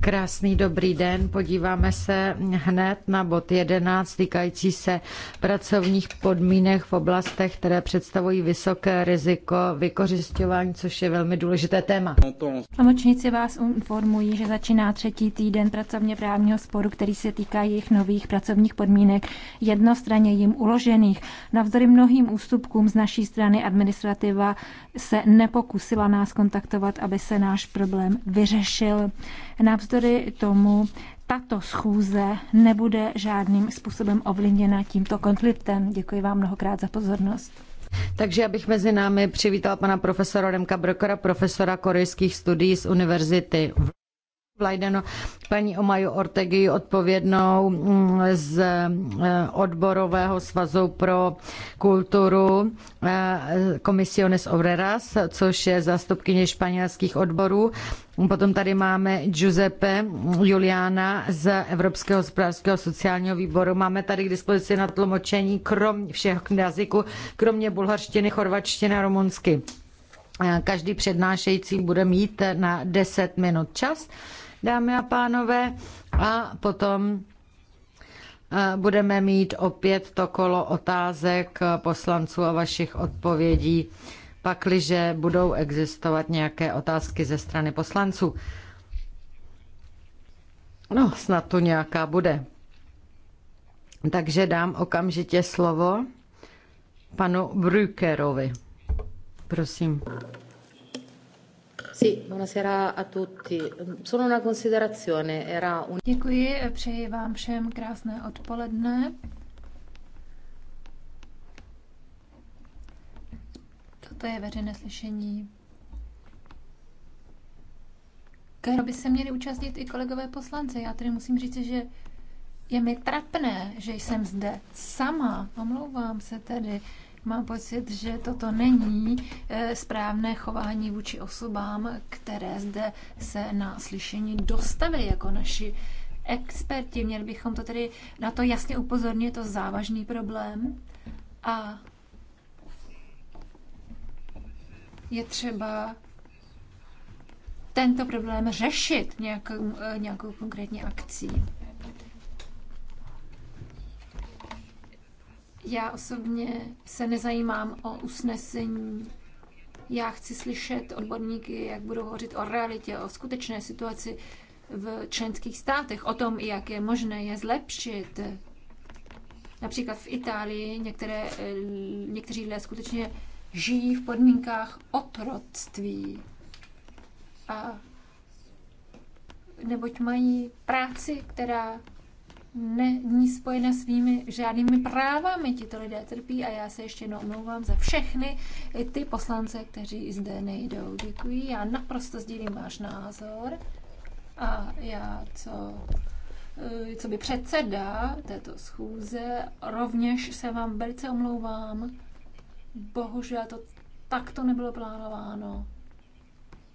Krásný dobrý den, podíváme se hned na bod 11 týkající se pracovních podmínek v oblastech, které představují vysoké riziko vykořišťování, což je velmi důležité téma. Tlumočníci vás informují, že začíná třetí týden pracovně právního sporu, který se týká jejich nových pracovních podmínek jednostranně jim uložených. Navzdory mnohým ústupkům z naší strany administrativa se nepokusila na nás kontaktovat, aby se náš problém vyřešil. Navzdory tomu tato schůze nebude žádným způsobem ovlivněna tímto konfliktem. Děkuji vám mnohokrát za pozornost. Takže abych mezi námi přivítala pana profesora Remka Brokera, profesora korejských studií z univerzity. Plajdeno, paní Omaju Ortegi odpovědnou mm, z e, odborového svazu pro kulturu Comisiones e, Obreras, což je zástupkyně španělských odborů. Potom tady máme Giuseppe Juliana z Evropského hospodářského sociálního výboru. Máme tady k dispozici na tlumočení krom všech jazyků, kromě bulharštiny, chorvačtiny a rumunsky. E, každý přednášející bude mít na 10 minut čas dámy a pánové, a potom eh, budeme mít opět to kolo otázek poslanců a vašich odpovědí, pakliže budou existovat nějaké otázky ze strany poslanců. No, snad to nějaká bude. Takže dám okamžitě slovo panu Brückerovi. Prosím. Sì, buonasera a tutti. Solo una considerazione, era un... Děkuji, přeji vám všem krásné odpoledne. Toto je veřejné slyšení kterého by se měli účastnit i kolegové poslanci. Já tedy musím říct, že je mi trapné, že jsem zde sama. Omlouvám se tedy. Mám pocit, že toto není eh, správné chování vůči osobám, které zde se na slyšení dostavily jako naši experti. Měli bychom to tedy na to jasně upozornit, je to závažný problém. A je třeba tento problém řešit nějakou, eh, nějakou konkrétní akcí. Já osobně se nezajímám o usnesení. Já chci slyšet odborníky, jak budou hovořit o realitě, o skutečné situaci v členských státech, o tom, jak je možné je zlepšit. Například v Itálii některé, někteří lidé skutečně žijí v podmínkách otroctví. A neboť mají práci, která není spojena svými žádnými právami. Tito lidé trpí a já se ještě jednou omlouvám za všechny ty poslance, kteří zde nejdou. Děkuji. Já naprosto sdílím váš názor a já, co, eh, co by předseda této schůze, rovněž se vám velice omlouvám. Bohužel to takto nebylo plánováno.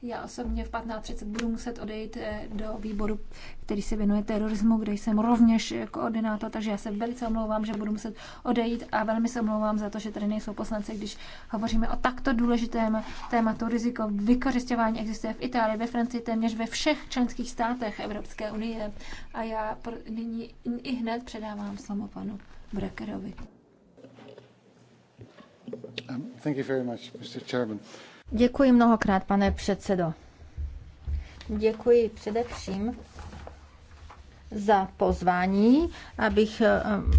Já osobně v 15.30 budu muset odejít eh, do výboru, který se věnuje terorismu, kde jsem rovněž koordinátor, takže já se velice omlouvám, že budu muset odejít a velmi se omlouvám za to, že tady nejsou poslanci, když hovoříme o takto důležitém tématu. Riziko vykořišťování existuje v Itálii, ve Francii, téměř ve všech členských státech Evropské unie. A já nyní i hned předávám slovo panu Brekerovi. Um, thank you very much, Mr. Chairman. Děkuji mnohokrát, pane předsedo. Děkuji především za pozvání, abych ehm,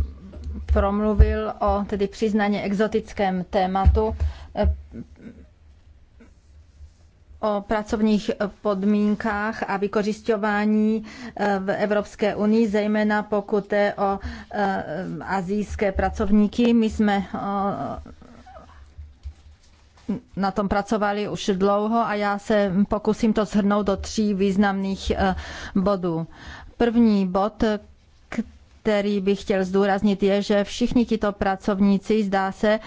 promluvil o tedy přiznaně exotickém tématu ehm, o pracovních podmínkách a vykořišťování ehm, v Evropské unii, zejména pokud je o azijské pracovníky. My jsme na tom pracovali už dlouho a já se pokusím to shrnout do tří významných eh, bodů. První bod, který bych chtěl zdůraznit, je, že všichni tito pracovníci, zdá se,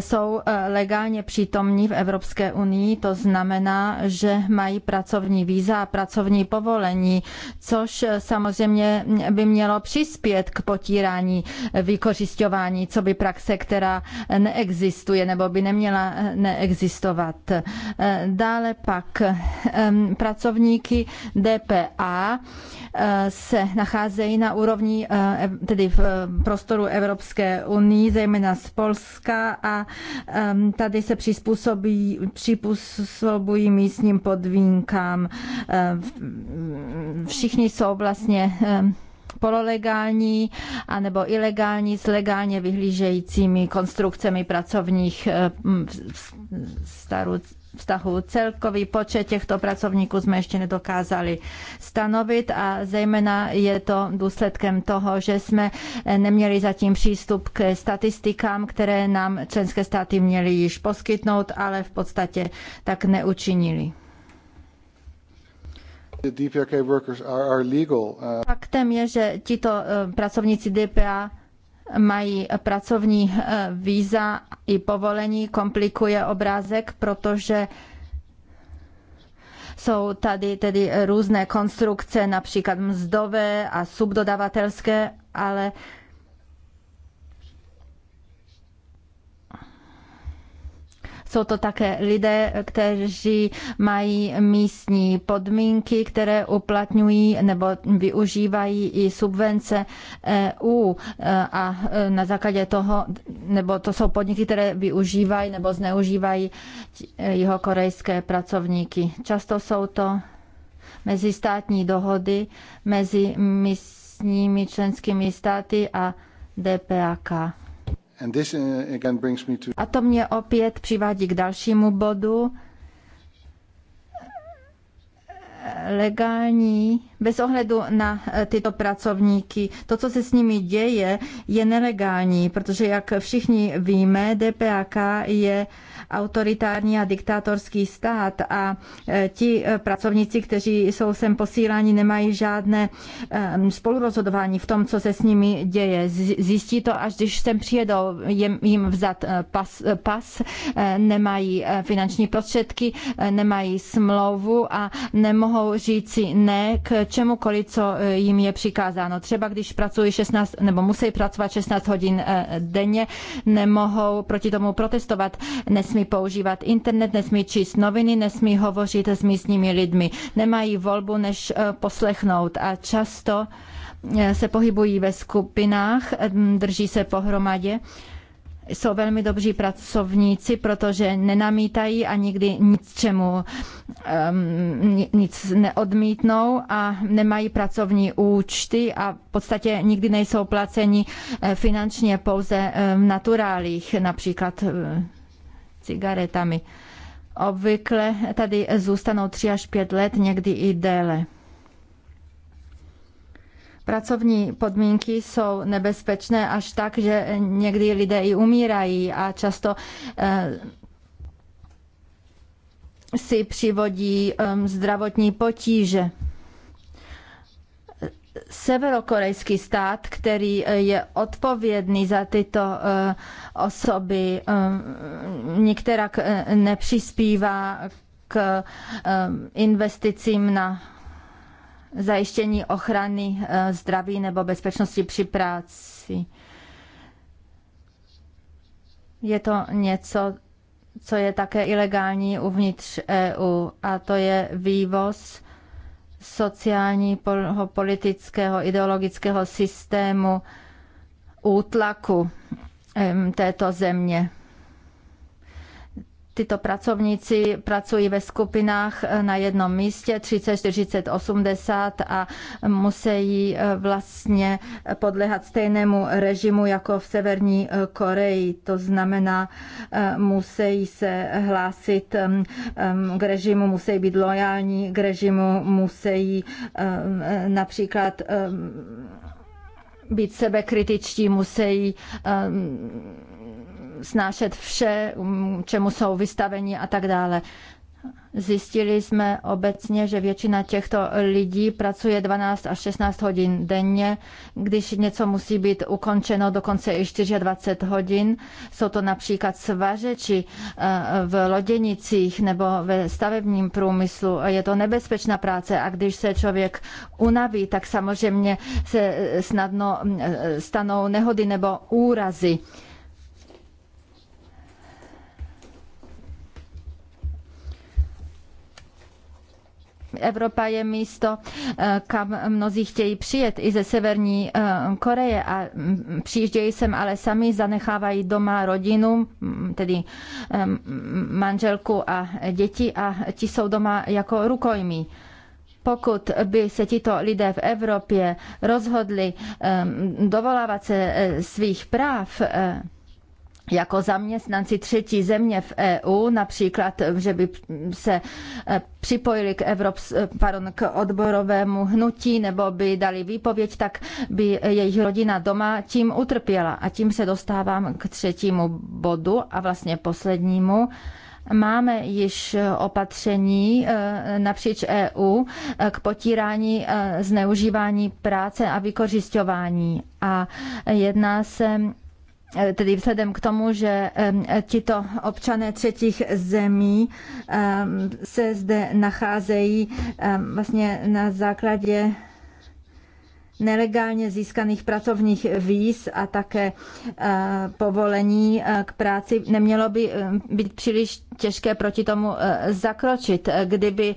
jsou eh, legálně přítomní v Evropské unii. To znamená, že mají pracovní víza a pracovní povolení, což eh, samozřejmě by mělo přispět k potírání eh, vykořišťování, co by praxe, která neexistuje nebo by neměla neexistovat. Dále pak pracovníky DPA se nacházejí na úrovni tedy v ehm, prostoru Evropské unii, zejména z Polska a ehm, tady se přizpůsobí, přizpůsobují místním podmínkám. Ehm, všichni jsou vlastně pololegální anebo ilegální s legálně vyhlížejícími konstrukcemi pracovních starů vztahu. Celkový počet těchto pracovníků jsme ještě nedokázali stanovit a zejména je to důsledkem toho, že jsme neměli zatím přístup k statistikám, které nám členské státy měly již poskytnout, ale v podstatě tak neučinili. Uh, Faktem je, že tito eh, pracovníci DPA mají pracovní eh, víza i povolení, komplikuje obrázek, protože jsou tady tedy různé konstrukce, například mzdové a subdodavatelské, ale Jsou to také lidé, kteří mají místní podmínky, které uplatňují nebo využívají i subvence EU e, a e, na základě toho, nebo to jsou podniky, které využívají nebo zneužívají e, jeho korejské pracovníky. Často jsou to mezistátní dohody mezi místními členskými státy a DPAK. Uh, A to mě opět přivádí k dalšímu bodu. Legální bez ohledu na eh, tyto pracovníky. To, co se s nimi děje, je nelegální, protože, jak všichni víme, DPAK je autoritární a diktátorský stát a eh, ti eh, pracovníci, kteří jsou sem posíláni, nemají žádné ehm, spolurozhodování v tom, co se s nimi děje. Zjistí to, až když sem přijedou, jim vzat pas, pas nemají finanční prostředky, nemají smlouvu a nemohou říci ne k čemukoliv, co eh, jim je přikázáno. Třeba když pracují 16 nebo musí pracovat 16 hodin eh, denně, nemohou proti tomu protestovat, nesmí používat internet, nesmí číst noviny, nesmí hovořit s místními lidmi. Nemají volbu, než eh, poslechnout a často se pohybují ve skupinách, mm, drží se pohromadě jsou velmi dobří pracovníci, protože nenamítají a nikdy nic čemu um, nic neodmítnou a nemají pracovní účty a v podstatě nikdy nejsou placeni eh, finančně pouze eh, v naturálích, například eh, cigaretami. Obvykle tady zůstanou tři až pět let, někdy i déle. Pracovní podmínky jsou nebezpečné až tak, že někdy lidé i umírají a často eh, si přivodí eh, zdravotní potíže severokorejský stát, který eh, je odpovědný za tyto osoby, nikterak nepřispívá k investicím na zajištění ochrany eh, zdraví nebo bezpečnosti při práci. Je to něco, co je také ilegální uvnitř EU, a to je vývoz sociálního, politického, ideologického systému útlaku této země. Tyto pracovníci pracují ve skupinách eh, na jednom místě 30, 40, 80 a musí eh, vlastně eh, podlehat stejnému režimu jako v Severní Koreji. To znamená, musí se hlásit k režimu, musí být lojální k režimu, musí například být sebekritičtí, musí snášet vše, um, čemu jsou vystaveni a tak dále. Zjistili jsme obecně, že většina těchto lidí pracuje 12 až 16 hodin denně, když něco musí být ukončeno dokonce i 24 hodin. Jsou to například svařeči eh, v loděnicích nebo ve stavebním průmyslu. Je to nebezpečná práce a když se člověk unaví, tak samozřejmě se eh, snadno mm, eh, stanou nehody nebo úrazy Evropa je místo, eh, kam mnozí chtějí přijet i ze Severní eh, Koreje a mm, přijíždějí sem, ale sami zanechávají doma rodinu, tedy eh, manželku a děti a ti jsou doma jako rukojmí pokud by se tito lidé v Evropě rozhodli dovolávat se svých práv, jako zaměstnanci třetí země v EU, například, eh, že by se eh, připojili k, Evrops, eh, pardon, k odborovému hnutí nebo by dali výpověď, tak by jejich rodina doma tím utrpěla. A tím se dostávám k třetímu bodu a vlastně poslednímu. Máme již opatření napříč EU k potírání zneužívání práce a vykořišťování. A jedná se Eh, tedy vzhledem k tomu, že tito občané třetích zemí se zde nacházejí vlastně na základě nelegálně získaných pracovních víz a také eh, povolení eh, k práci, nemělo by eh, být příliš těžké proti tomu zakročit. Kdyby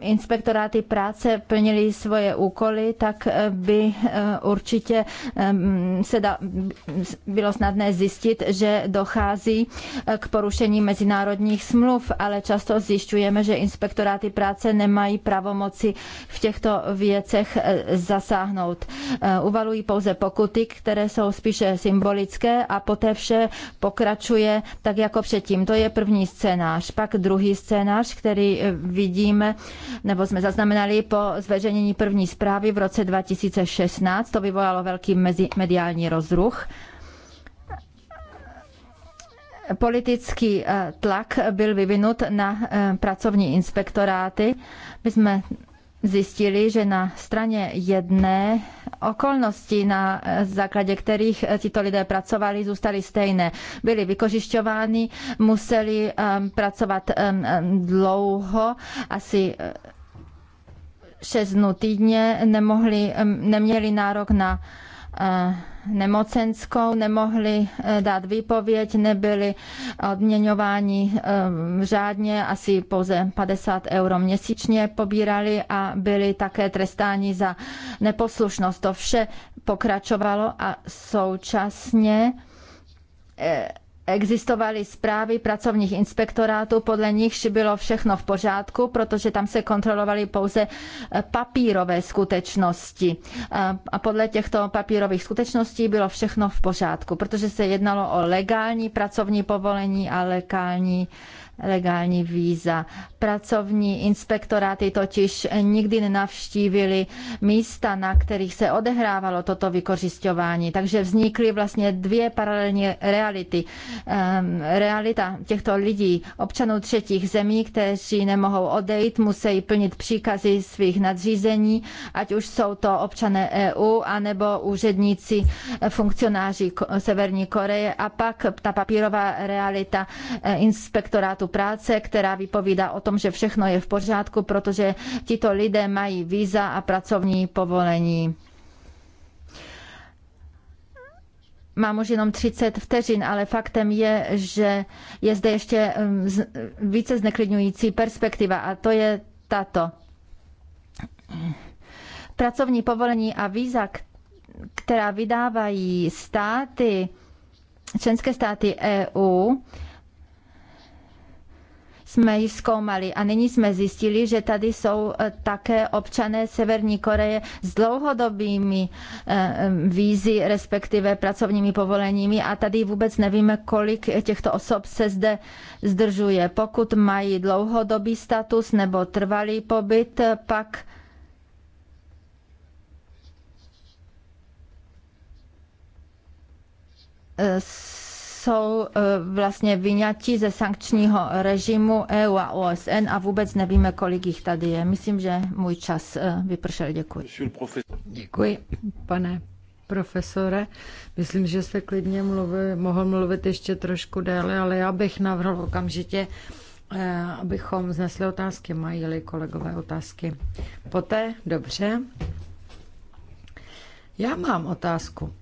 inspektoráty práce plnili svoje úkoly, tak by určitě ehm, se da, bylo snadné zjistit, že dochází k porušení mezinárodních smluv, ale často zjišťujeme, že inspektoráty práce nemají pravomoci v těchto věcech zasahovat dosáhnout. Eh, uvalují pouze pokuty, které jsou spíše symbolické a poté vše pokračuje tak jako předtím. To je první scénář. Pak druhý scénář, který eh, vidíme, nebo jsme zaznamenali po zveřejnění první zprávy v roce 2016. To vyvolalo velký mediální rozruch politický eh, tlak byl vyvinut na pracovní inspektoráty. My jsme zjistili, že na straně jedné okolnosti, na základě kterých tito lidé pracovali, zůstaly stejné. Byli vykořišťováni, museli um, pracovat um, um, dlouho, asi uh, šest dnů týdně, nemohli, neměli nárok na Eh, nemocenskou, nemohli eh, dát výpověď, nebyli odměňováni eh, řádně, asi pouze 50 euro měsíčně pobírali a byli také trestáni za neposlušnost. To vše pokračovalo a současně existovaly zprávy pracovních inspektorátů, podle nichž bylo všechno v pořádku, protože tam se kontrolovaly pouze eh, papírové skutečnosti. Eh, a podle těchto papírových skutečností bylo všechno v pořádku, protože se jednalo o legální pracovní povolení a legální legální víza. Pracovní inspektoráty totiž nikdy nenavštívili místa, na kterých se odehrávalo toto vykořišťování, takže vznikly vlastně dvě paralelní reality realita těchto lidí, občanů třetích zemí, kteří nemohou odejít, musí plnit příkazy svých nadřízení, ať už jsou to občané EU, anebo úředníci, eh, funkcionáři Severní Koreje a pak ta papírová realita eh, inspektorátu práce, která vypovídá o tom, že všechno je v pořádku, protože tito lidé mají víza a pracovní povolení. Mám už jenom 30 vteřin, ale faktem je, že je zde ještě um, více zneklidňující perspektiva a to je tato. Pracovní povolení a víza, která vydávají státy, členské státy EU, jsme ji zkoumali a nyní jsme zjistili, že tady jsou eh, také občané Severní Koreje s dlouhodobými eh, eh, vízy, respektive pracovními povoleními a tady vůbec nevíme, kolik těchto osob se zde zdržuje. Pokud mají dlouhodobý status nebo trvalý pobyt, pak s jsou e, vlastně vyňati ze sankčního režimu EU a OSN a vůbec nevíme, kolik jich tady je. Myslím, že můj čas e, vypršel. Děkuji. Děkuji, pane profesore. Myslím, že jste klidně mluvil, mohl mluvit ještě trošku déle, ale já bych navrhl okamžitě, e, abychom znesli otázky. Mají-li kolegové otázky? Poté? Dobře. Já mám otázku.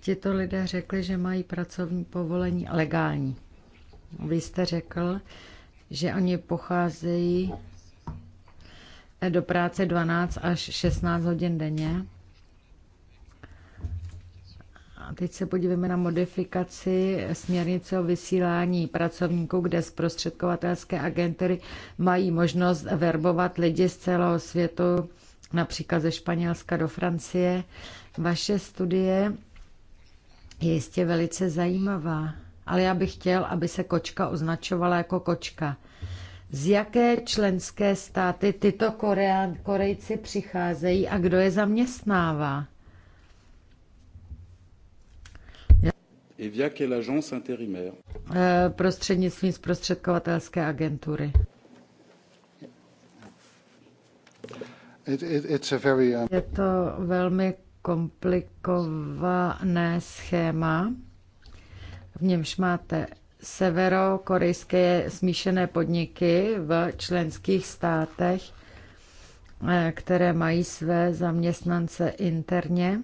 Tito lidé řekli, že mají pracovní povolení legální. Vy jste řekl, že oni pocházejí eh, do práce 12 až 16 hodin denně. A teď se podívejme na modifikaci směrnice o vysílání pracovníků, kde zprostředkovatelské agentury mají možnost verbovat lidi z celého světu, například ze Španělska do Francie. Vaše studie je jistě velice zajímavá, ale já bych chtěl, aby se kočka označovala jako kočka. Z jaké členské státy tyto Koreán, Korejci přicházejí a kdo je zaměstnává? Et via quelle agence intérimaire? Eh, prostřednictvím zprostředkovatelské agentury. Um, je to velmi komplikované schéma, v němž máte severokorejské smíšené podniky v členských státech, eh, které mají své zaměstnance interně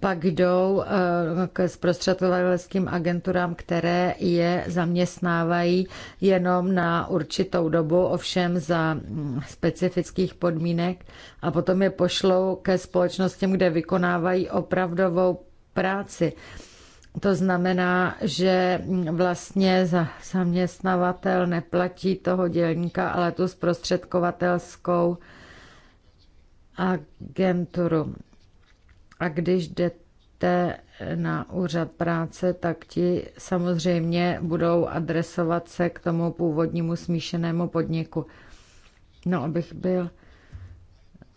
pak jdou eh, k zprostředkovatelským agenturám, které je zaměstnávají jenom na určitou dobu, ovšem za mm, specifických podmínek a potom je pošlou ke společnostem, kde vykonávají opravdovou práci. To znamená, že mm, vlastně za zaměstnavatel neplatí toho dělníka, ale tu zprostředkovatelskou agenturu. A když jdete na úřad práce, tak ti samozřejmě budou adresovat se k tomu původnímu smíšenému podniku. No, abych byl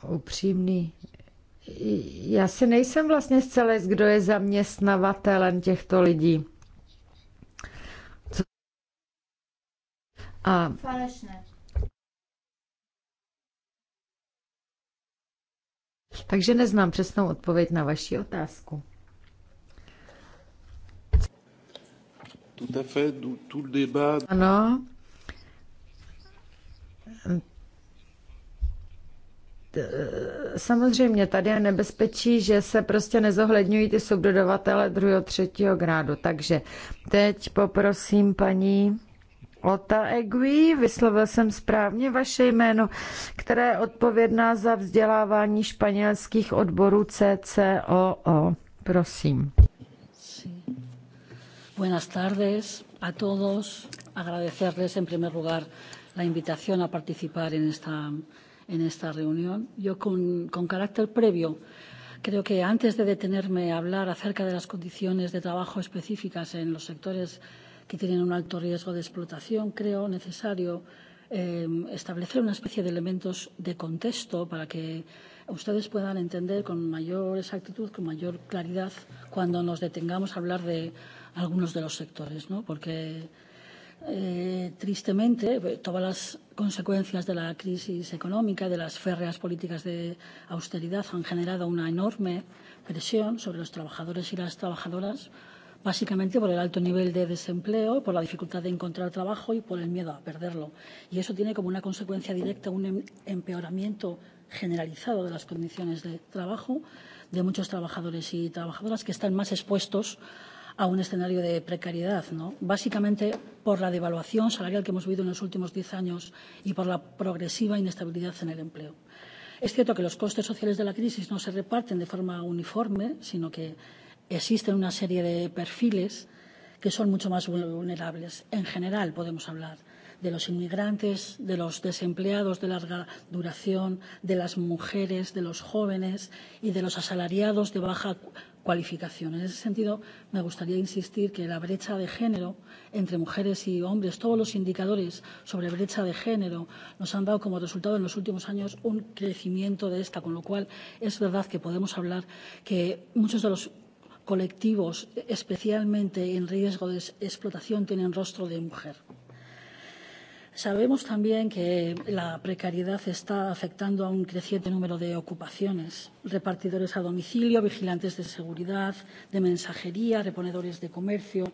upřímný, já si nejsem vlastně zcela kdo je zaměstnavatelem těchto lidí. Co? A... Falešné. Takže neznám přesnou odpověď na vaši otázku. Ano. Samozřejmě tady je nebezpečí, že se prostě nezohledňují ty subdodavatele druhého, třetího grádu. Takže teď poprosím paní Ota Egui, vyslovil jsem správně vaše jméno, která je odpovědná za vzdělávání španělských odborů CCOO. Prosím. Buenas tardes a todos. Agradecerles en primer lugar la invitación a participar en esta, en esta reunión. Yo con, con carácter previo Creo que antes de detenerme a hablar acerca de las condiciones de trabajo específicas en los sectores que tienen un alto riesgo de explotación, creo necesario eh, establecer una especie de elementos de contexto para que ustedes puedan entender con mayor exactitud, con mayor claridad, cuando nos detengamos a hablar de algunos de los sectores, ¿no? Porque eh, tristemente, todas las consecuencias de la crisis económica, de las férreas políticas de austeridad, han generado una enorme presión sobre los trabajadores y las trabajadoras básicamente por el alto nivel de desempleo, por la dificultad de encontrar trabajo y por el miedo a perderlo. Y eso tiene como una consecuencia directa un empeoramiento generalizado de las condiciones de trabajo de muchos trabajadores y trabajadoras que están más expuestos a un escenario de precariedad, ¿no? básicamente por la devaluación salarial que hemos vivido en los últimos diez años y por la progresiva inestabilidad en el empleo. Es cierto que los costes sociales de la crisis no se reparten de forma uniforme, sino que existen una serie de perfiles que son mucho más vulnerables. En general podemos hablar de los inmigrantes, de los desempleados de larga duración, de las mujeres, de los jóvenes y de los asalariados de baja cualificación. En ese sentido, me gustaría insistir que la brecha de género entre mujeres y hombres, todos los indicadores sobre brecha de género nos han dado como resultado en los últimos años un crecimiento de esta, con lo cual es verdad que podemos hablar que muchos de los colectivos especialmente en riesgo de explotación tienen rostro de mujer. Sabemos también que la precariedad está afectando a un creciente número de ocupaciones, repartidores a domicilio, vigilantes de seguridad, de mensajería, reponedores de comercio,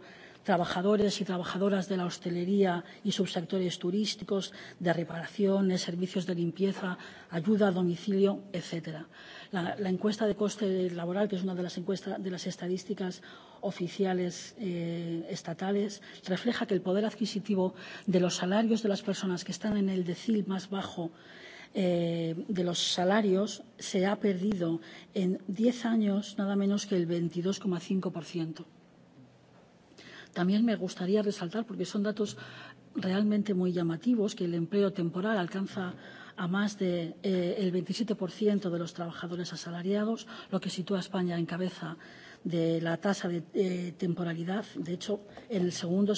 trabajadores y trabajadoras de la hostelería y subsectores turísticos, de reparaciones, servicios de limpieza, ayuda a domicilio, etcétera. La, la encuesta de coste laboral, que es una de las, encuestas, de las estadísticas oficiales eh, estatales refleja que el poder adquisitivo de los salarios de las personas que están en el decil más bajo eh, de los salarios se ha perdido en 10 años nada menos que el 22,5%. También me gustaría resaltar, porque son datos realmente muy llamativos, que el empleo temporal alcanza a más del de, eh, el 27% de los trabajadores asalariados, lo que sitúa a España en cabeza de la tasa de eh, temporalidad. De hecho, en el segundo,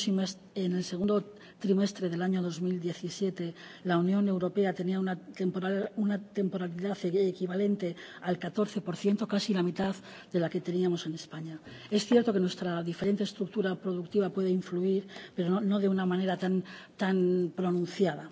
en el segundo trimestre del año 2017 la Unión Europea tenía una, temporal, una temporalidad equivalente al 14%, casi la mitad de la que teníamos en España. Es cierto que nuestra diferente estructura productiva puede influir, pero no, no de una manera tan, tan pronunciada.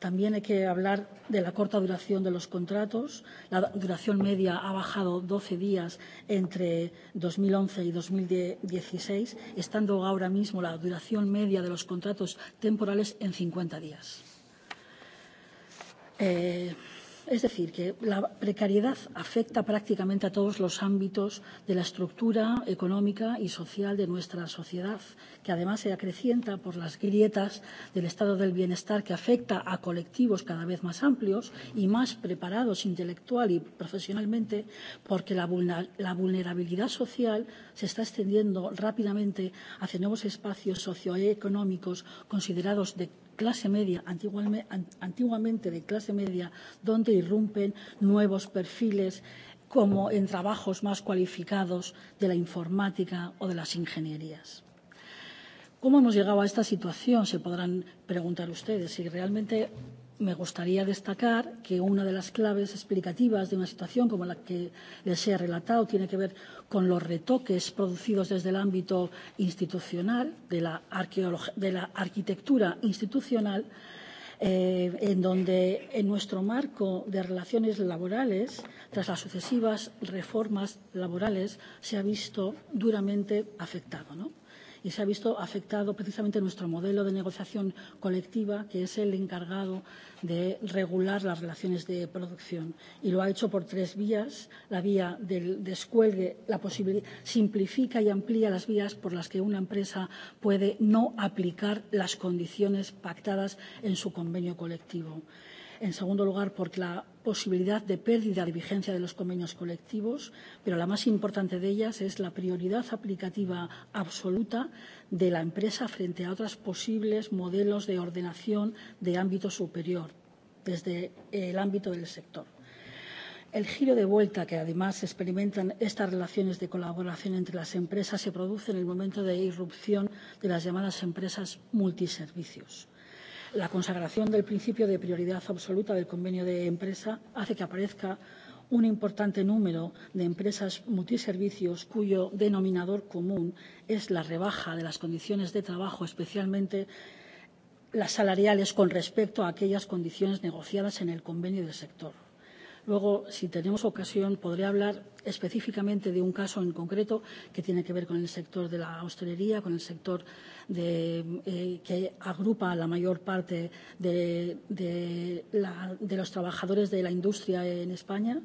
También hay que hablar de la corta duración de los contratos. La duración media ha bajado 12 días entre 2011 y 2016, estando ahora mismo la duración media de los contratos temporales en 50 días. Eh, Es decir, que la precariedad afecta prácticamente a todos los ámbitos de la estructura económica y social de nuestra sociedad, que además se acrecienta por las grietas del estado del bienestar que afecta a colectivos cada vez más amplios y más preparados intelectual y profesionalmente, porque la, vulnerabilidad social se está extendiendo rápidamente hacia nuevos espacios socioeconómicos considerados de clase media, antiguamente de clase media, donde irrumpen nuevos perfiles como en trabajos más cualificados de la informática o de las ingenierías. ¿Cómo hemos llegado a esta situación? Se podrán preguntar ustedes. Si realmente me gustaría destacar que una de las claves explicativas de una situación como la que les he relatado tiene que ver con los retoques producidos desde el ámbito institucional de la, de la arquitectura institucional, eh, en donde en nuestro marco de relaciones laborales, tras las sucesivas reformas laborales, se ha visto duramente afectado. ¿no? y se ha visto afectado precisamente nuestro modelo de negociación colectiva, que es el encargado de regular las relaciones de producción. Y lo ha hecho por tres vías. La vía del descuelgue la simplifica y amplía las vías por las que una empresa puede no aplicar las condiciones pactadas en su convenio colectivo. En segundo lugar, por la posibilidad de pérdida de vigencia de los convenios colectivos, pero la más importante de ellas es la prioridad aplicativa absoluta de la empresa frente a otros posibles modelos de ordenación de ámbito superior desde el ámbito del sector. El giro de vuelta que además experimentan estas relaciones de colaboración entre las empresas se produce en el momento de irrupción de las llamadas empresas multiservicios La consagración del principio de prioridad absoluta del convenio de empresa hace que aparezca un importante número de empresas multiservicios cuyo denominador común es la rebaja de las condiciones de trabajo, especialmente las salariales, con respecto a aquellas condiciones negociadas en el convenio del sector. Luego, si tenemos ocasión, podré hablar específicamente de un caso en concreto que tiene que ver con el sector de la hostelería, con el sector de, eh, que agrupa la mayor parte de, de, la, de los trabajadores de la industria en España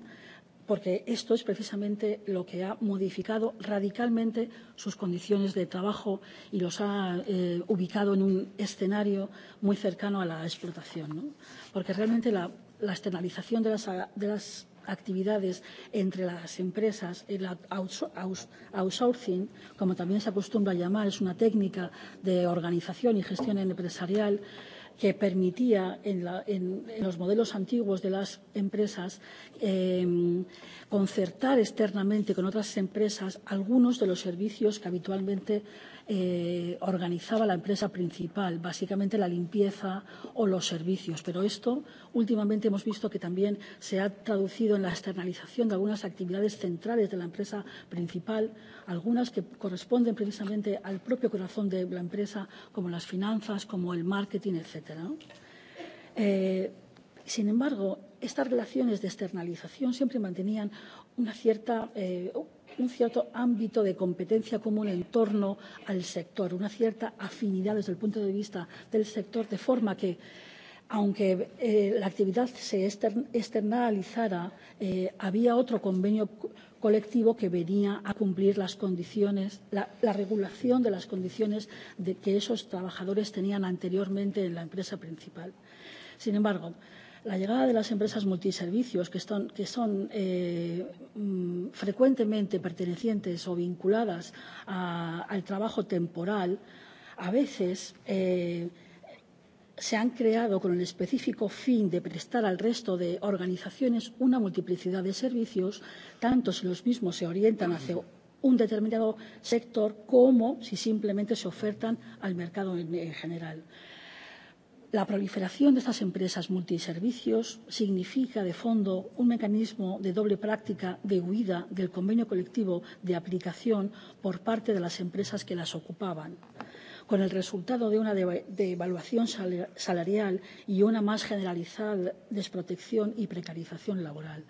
porque esto es precisamente lo que ha modificado radicalmente sus condiciones de trabajo y los ha eh, ubicado en un escenario muy cercano a la explotación. ¿no? Porque realmente la la externalización de las, de las actividades entre las empresas, el outsourcing, como también se acostumbra a llamar, es una técnica de organización y gestión empresarial que permitía en, la, en, en los modelos antiguos de las empresas eh, concertar externamente con otras empresas algunos de los servicios que habitualmente eh, organizaba la empresa principal, básicamente la limpieza o los servicios. Pero esto últimamente hemos visto que también se ha traducido en la externalización de algunas actividades centrales de la empresa principal, algunas que corresponden precisamente al propio corazón de la empresa, como las finanzas, como el marketing, etcétera. ¿no? Eh, sin embargo, estas relaciones de externalización siempre mantenían una cierta eh, un cierto ámbito de competencia común en torno al sector, una cierta afinidad desde el punto de vista del sector, de forma que, aunque eh, la actividad se extern externalizara, eh, había otro convenio co colectivo que venía a cumplir las condiciones, la, la regulación de las condiciones de que esos trabajadores tenían anteriormente en la empresa principal. Sin embargo, La llegada de las empresas multiservicios, que, son, que son eh, mm, frecuentemente pertenecientes o vinculadas a, al trabajo temporal, a veces eh, se han creado con el específico fin de prestar al resto de organizaciones una multiplicidad de servicios, tanto si los mismos se orientan hacia un determinado sector como si simplemente se ofertan al mercado en, en general. La proliferación de estas empresas multiservicios significa, de fondo, un mecanismo de doble práctica de huida del convenio colectivo de aplicación por parte de las empresas que las ocupaban, con el resultado de una devaluación salarial y una más generalizada desprotección y precarización laboral.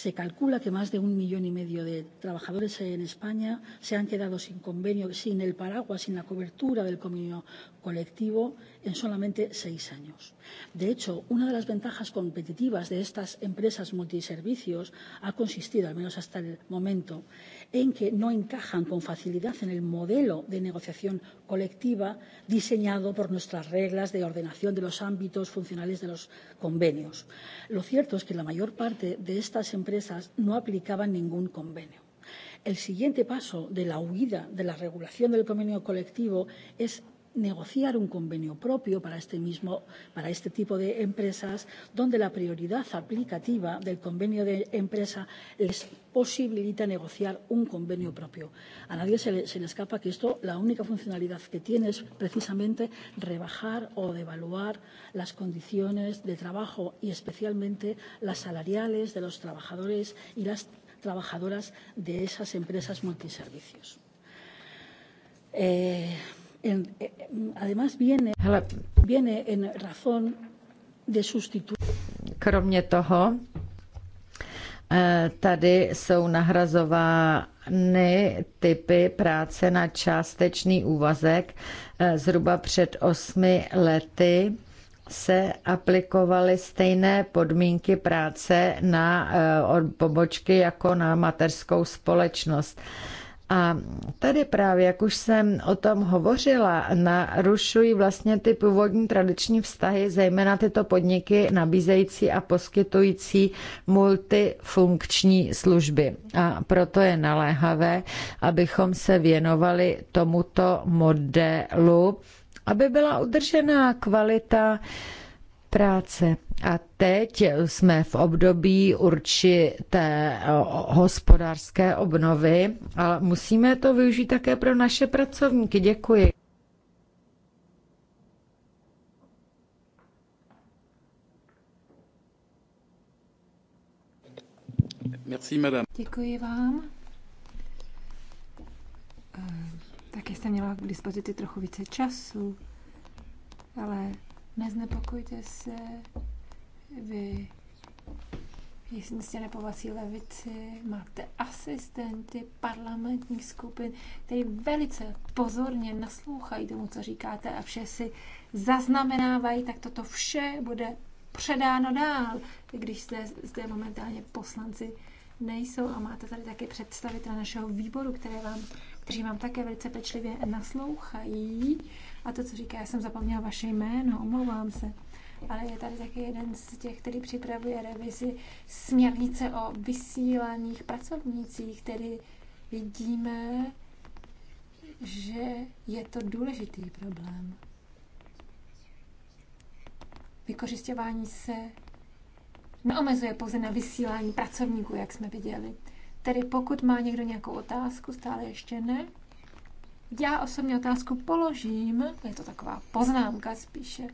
Se calcula que más de un millón y medio de trabajadores en España se han quedado sin convenio, sin el paraguas, sin la cobertura del convenio colectivo en solamente seis años. De hecho, una de las ventajas competitivas de estas empresas multiservicios ha consistido, al menos hasta el momento, en que no encajan con facilidad en el modelo de negociación colectiva diseñado por nuestras reglas de ordenación de los ámbitos funcionales de los convenios. Lo cierto es que la mayor parte de estas empresas no aplicaban ningún convenio. El siguiente paso de la huida de la regulación del convenio colectivo es negociar un convenio propio para este mismo para este tipo de empresas donde la prioridad aplicativa del convenio de empresa les posibilita negociar un convenio propio. A nadie se le, se le escapa que esto la única funcionalidad que tiene es precisamente rebajar o devaluar las condiciones de trabajo y especialmente las salariales de los trabajadores y las trabajadoras de esas empresas multiservicios. Eh, en, eh, además viene, Hele. viene en razón de sustituir. Kromě toho, eh, tady jsou nahrazovány typy práce na částečný úvazek. Eh, zhruba před osmi lety se aplikovaly stejné podmínky práce na pobočky jako na mateřskou společnost. A tady právě, jak už jsem o tom hovořila, narušují vlastně ty původní tradiční vztahy, zejména tyto podniky nabízející a poskytující multifunkční služby. A proto je naléhavé, abychom se věnovali tomuto modelu, aby byla udržená kvalita práce. A teď jsme v období určité eh, hospodářské obnovy, ale musíme to využít také pro naše pracovníky. Děkuji. Merci, madame. Děkuji vám. Eh, taky jste měla k dispozici trochu více času, ale Neznepokojte se, vy jestli jste po levici, máte asistenty parlamentních skupin, které velice pozorně naslouchají tomu, co říkáte a vše si zaznamenávají, tak toto vše bude předáno dál, když jste zde momentálně poslanci nejsou a máte tady také představitele našeho výboru, které vám, kteří vám také velice pečlivě naslouchají a to, co říká, já jsem zapomněla vaše jméno, omlouvám se. Ale je tady taky jeden z těch, který připravuje revizi směrnice o vysílaných pracovnících, který vidíme, že je to důležitý problém. Vykořišťování se neomezuje pouze na vysílání pracovníků, jak jsme viděli. Tedy pokud má někdo nějakou otázku, stále ještě ne, já osobně otázku položím, je to taková poznámka spíše.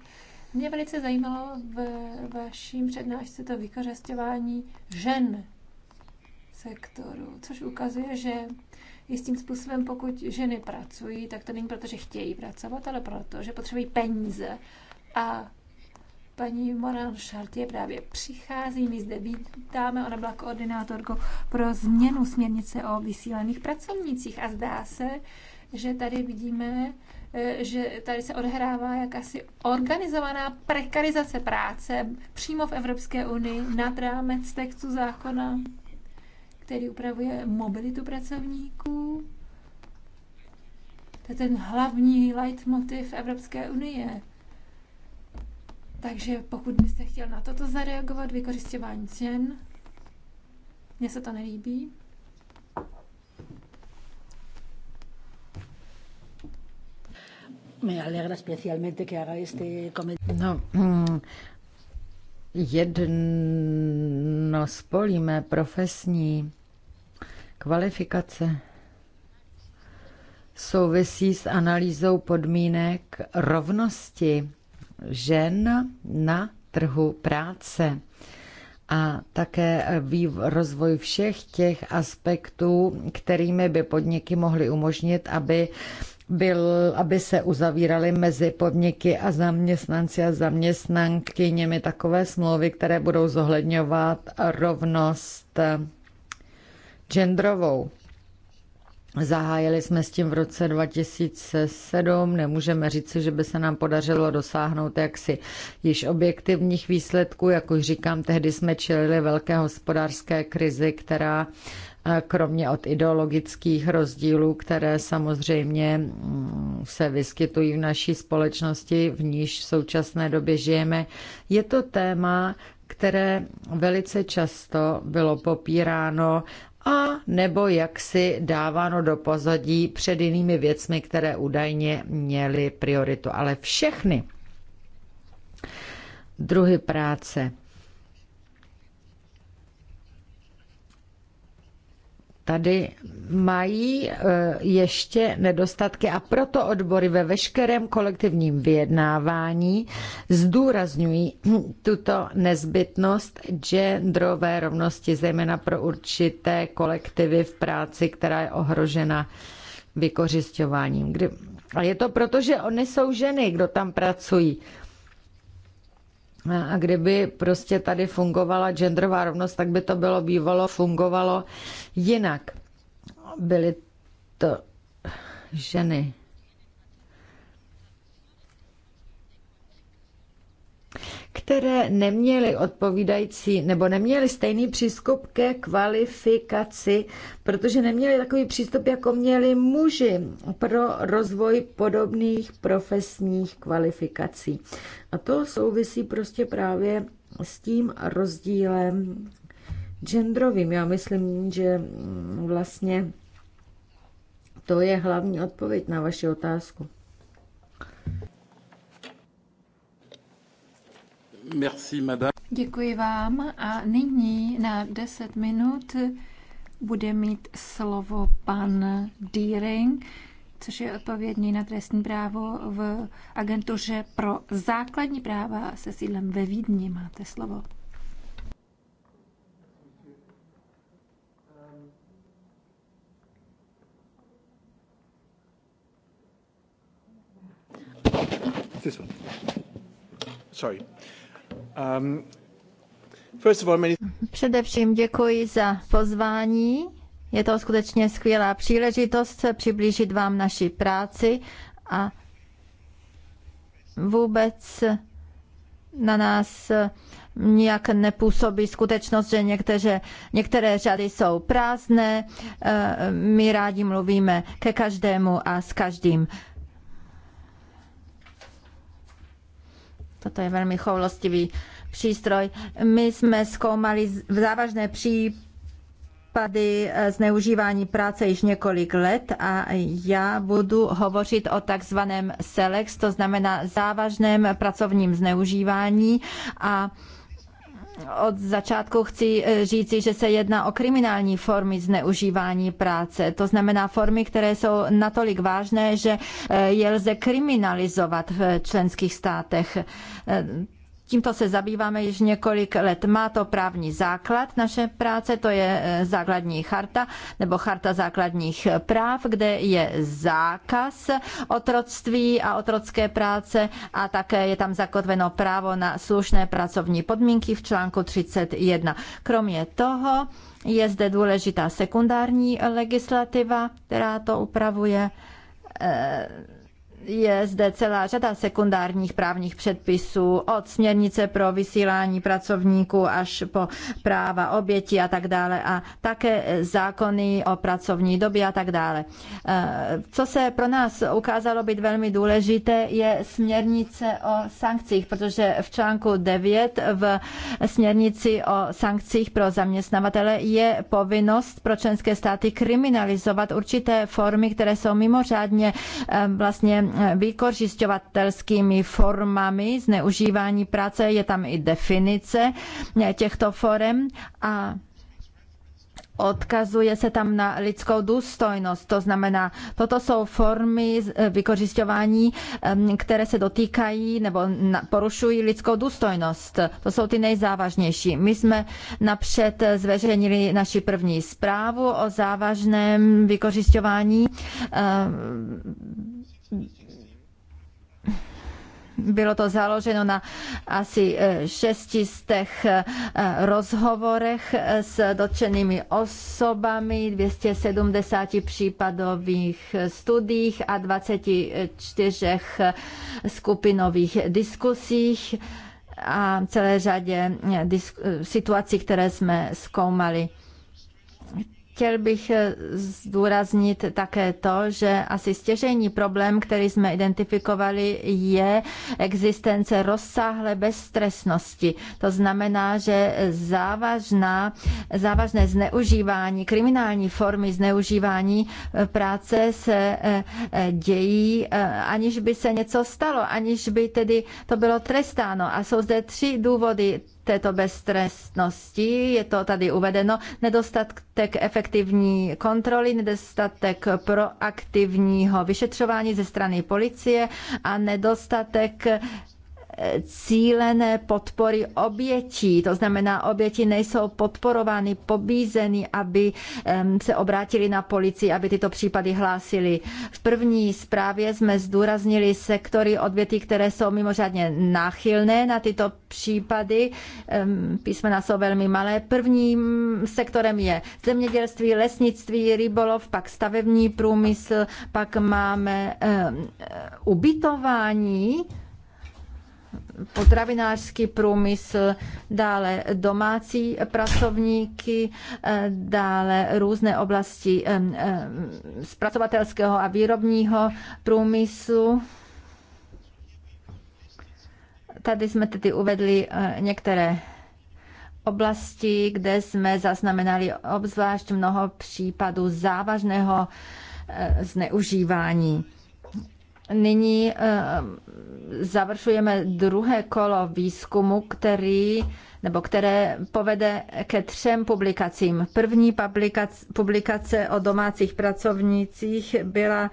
Mě velice zajímalo v vaším přednášce to vykořesťování žen sektoru, což ukazuje, že jistým způsobem, pokud ženy pracují, tak to není proto, že chtějí pracovat, ale proto, že potřebují peníze. A paní Moran Šartě právě přichází, my zde vítáme, ona byla koordinátorkou pro změnu směrnice o vysílených pracovnících a zdá se, že tady vidíme, eh, že tady se odhrává jakási organizovaná prekarizace práce přímo v Evropské unii nad rámec textu zákona, který upravuje mobilitu pracovníků. To je ten hlavní leitmotiv Evropské unie. Takže pokud byste chtěl na toto zareagovat, vykořišťování cen, mně se to nelíbí. Me alegra especialmente que haga este comentario. No, mm, jedno z polí mé profesní kvalifikace souvisí s analýzou podmínek rovnosti žen na trhu práce a také rozvoj všech těch aspektů, kterými by podniky mohly umožnit, aby byl, aby se uzavíraly mezi podniky a zaměstnanci a zaměstnankyněmi takové smlouvy, které budou zohledňovat rovnost eh, genderovou. Zahájili jsme s tím v roce 2007. Nemůžeme říci, že by se nám podařilo dosáhnout jaksi již objektivních výsledků. Jak už říkám, tehdy jsme čelili velké hospodářské krizi, která kromě od ideologických rozdílů, které samozřejmě mm, se vyskytují v naší společnosti, v níž v současné době žijeme. Je to téma, které velice často bylo popíráno a nebo jaksi dáváno do pozadí před jinými věcmi, které údajně měly prioritu. Ale všechny druhy práce tady mají e, ještě nedostatky a proto odbory ve veškerém kolektivním vyjednávání zdůrazňují tuto nezbytnost genderové rovnosti, zejména pro určité kolektivy v práci, která je ohrožena vykořišťováním. A je to proto, že oni jsou ženy, kdo tam pracují. A kdyby prostě tady fungovala genderová rovnost, tak by to bylo bývalo, fungovalo jinak. Byly to ženy které neměly odpovídající nebo neměly stejný přístup ke kvalifikaci, protože neměly takový přístup, jako měli muži pro rozvoj podobných profesních kvalifikací. A to souvisí prostě právě s tím rozdílem genderovým. Já myslím, že vlastně to je hlavní odpověď na vaši otázku. Merci, madame. Děkuji vám a nyní na 10 minut bude mít slovo pan Deering, což je odpovědný na trestní právo v agentuře pro základní práva se sídlem ve Vídni. Máte slovo. This one. Sorry. Um, Především děkuji za pozvání. Je to skutečně skvělá příležitost přiblížit vám naši práci a vůbec na nás nijak nepůsobí skutečnost, že některé, některé řady jsou prázdné. Eh, my rádi mluvíme ke každému a s každým. Toto je velmi choulostivý přístroj. My jsme zkoumali závažné případy, eh, zneužívání práce již několik let a já budu hovořit o takzvaném SELEX, to znamená závažném pracovním zneužívání a od začátku chci e, říci, že se jedná o kriminální formy zneužívání práce. To znamená formy, které jsou natolik vážné, že e, je lze kriminalizovat v členských státech. E, Tímto se zabýváme již několik let. Má to právní základ naše práce, to je eh, základní charta nebo charta základních práv, kde je zákaz otroctví a otrocké práce a také je tam zakotveno právo na slušné pracovní podmínky v článku 31. Kromě toho je zde důležitá sekundární legislativa, která to upravuje eh, je zde celá řada sekundárních právních předpisů, od směrnice pro vysílání pracovníků až po práva oběti a tak dále a také zákony o pracovní době a tak dále. Eh, co se pro nás ukázalo být velmi důležité, je směrnice o sankcích, protože v článku 9 v směrnici o sankcích pro zaměstnavatele je povinnost pro členské státy kriminalizovat určité formy, které jsou mimořádně eh, vlastně vykořišťovatelskými formami zneužívání práce. Je tam i definice těchto forem a odkazuje se tam na lidskou důstojnost. To znamená, toto jsou formy vykořišťování, které se dotýkají nebo porušují lidskou důstojnost. To jsou ty nejzávažnější. My jsme napřed zveřejnili naši první zprávu o závažném vykořišťování bylo to založeno na asi eh, šestistech eh, rozhovorech eh, s dotčenými osobami, 270 případových studiích a 24 skupinových diskusích a celé řadě situací, které jsme zkoumali. Chtěl bych eh, zdůraznit také to, že asi stěžení problém, který jsme identifikovali, je existence rozsáhlé bezstresnosti. To znamená, že závažná, závažné zneužívání, kriminální formy zneužívání eh, práce se eh, dějí, aniž by se něco stalo, aniž by tedy to bylo trestáno. A jsou zde tři důvody této beztrestnosti, je to tady uvedeno, nedostatek efektivní kontroly, nedostatek proaktivního vyšetřování ze strany policie a nedostatek cílené podpory obětí. To znamená, oběti nejsou podporovány, pobízeny, aby se obrátili na policii, aby tyto případy hlásili. V první zprávě jsme zdůraznili sektory odvětví, které jsou mimořádně náchylné na tyto případy. Písmena jsou velmi malé. Prvním sektorem je zemědělství, lesnictví, rybolov, pak stavební průmysl, pak máme ubytování, potravinářský průmysl, dále domácí pracovníky, eh, dále různé oblasti eh, eh, zpracovatelského a výrobního průmyslu. Tady jsme tedy uvedli některé oblasti, kde jsme zaznamenali obzvlášť mnoho případů závažného zneužívání. Nyní eh, završujeme druhé kolo výzkumu, který, nebo které povede ke třem publikacím. První publikace, publikace o domácích pracovnících byla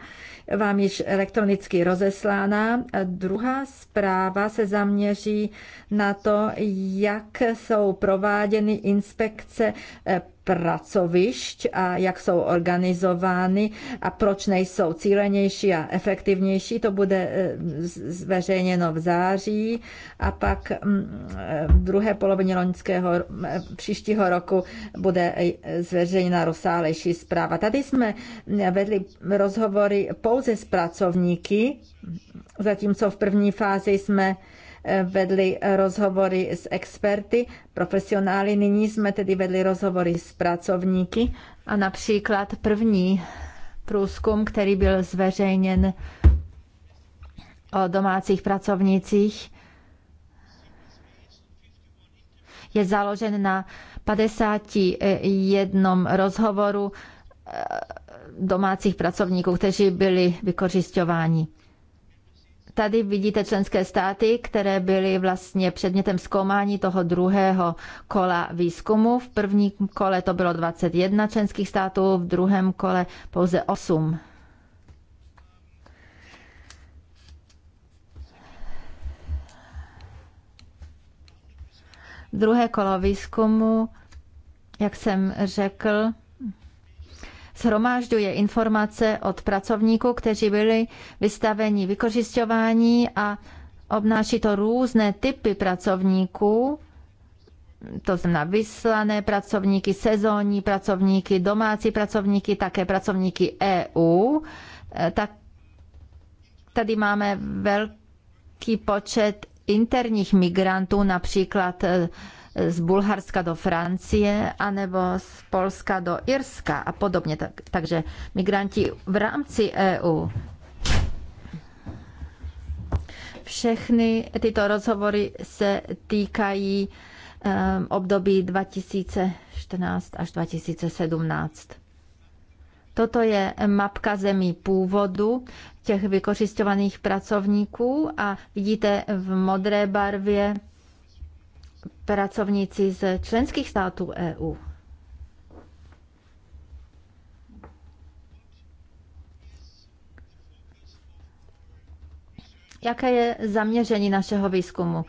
vám již elektronicky rozeslána. Druhá zpráva se zaměří na to, jak jsou prováděny inspekce eh, pracovišť a jak jsou organizovány a proč nejsou cílenější a efektivnější. To bude eh, zveřejněno v září a pak mm, eh, v druhé polovině loňského eh, příštího roku bude zveřejněna rozsálejší zpráva. Tady jsme vedli rozhovory pouze s pracovníky, zatímco v první fázi jsme vedli rozhovory s experty, profesionály, nyní jsme tedy vedli rozhovory s pracovníky a například první průzkum, který byl zveřejněn o domácích pracovnicích, je založen na 51 rozhovoru eh, domácích pracovníků, kteří byli vykořišťováni. Tady vidíte členské státy, které byly vlastně předmětem zkoumání toho druhého kola výzkumu. V prvním kole to bylo 21 členských států, v druhém kole pouze 8. Druhé kolo výzkumu, jak jsem řekl, shromažďuje informace od pracovníků, kteří byli vystaveni vykořišťování a obnáší to různé typy pracovníků, to znamená vyslané pracovníky, sezónní pracovníky, domácí pracovníky, také pracovníky EU. E, tak tady máme velký počet interních migrantů, například e, z Bulharska do Francie anebo z Polska do Irska a podobně. Tak, takže migranti v rámci EU. Všechny tyto rozhovory se týkají um, období 2014 až 2017. Toto je mapka zemí původu těch vykořišťovaných pracovníků a vidíte v modré barvě pracovníci z členských států EU. Jaké je zaměření našeho výzkumu?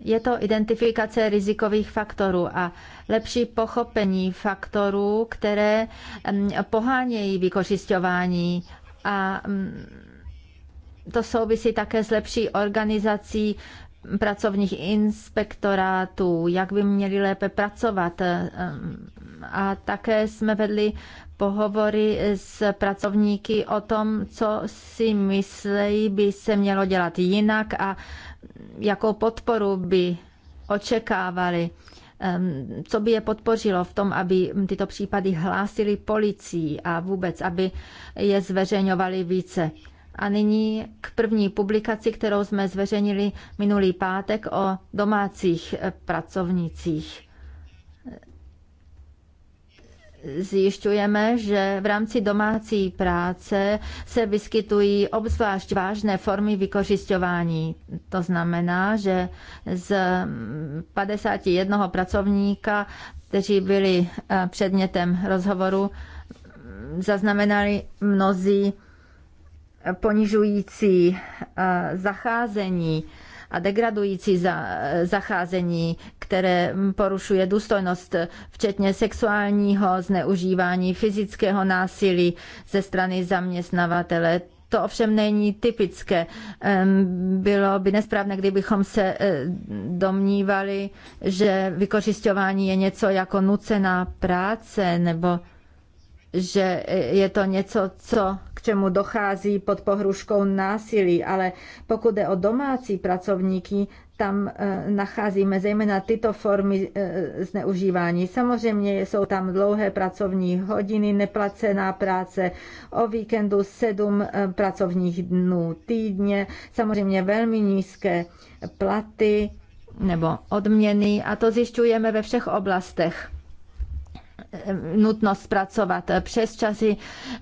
Je to identifikace rizikových faktorů a lepší pochopení faktorů, které mm, pohánějí vykořišťování a mm, to souvisí také s lepší organizací pracovních inspektorátů, jak by měli lépe pracovat. A také jsme vedli pohovory s pracovníky o tom, co si myslejí, by se mělo dělat jinak a jakou podporu by očekávali, co by je podpořilo v tom, aby tyto případy hlásili policii a vůbec, aby je zveřejňovali více. A nyní k první publikaci, kterou jsme zveřejnili minulý pátek o domácích eh, pracovnicích. Zjišťujeme, že v rámci domácí práce se vyskytují obzvlášť vážné formy vykořišťování. To znamená, že z 51 mm, pracovníka, kteří byli eh, předmětem rozhovoru, mm, zaznamenali mnozí ponižující eh, zacházení a degradující za, eh, zacházení, které porušuje důstojnost, včetně sexuálního zneužívání, fyzického násilí ze strany zaměstnavatele. To ovšem není typické. Bylo by nesprávné, kdybychom se eh, domnívali, že vykořišťování je něco jako nucená práce nebo že je to něco, co, k čemu dochází pod pohruškou násilí, ale pokud je o domácí pracovníky, tam eh, nacházíme zejména tyto formy eh, zneužívání. Samozřejmě jsou tam dlouhé pracovní hodiny, neplacená práce, o víkendu sedm eh, pracovních dnů týdně, samozřejmě velmi nízké platy nebo odměny a to zjišťujeme ve všech oblastech Eh, nutnost pracovat přes časy,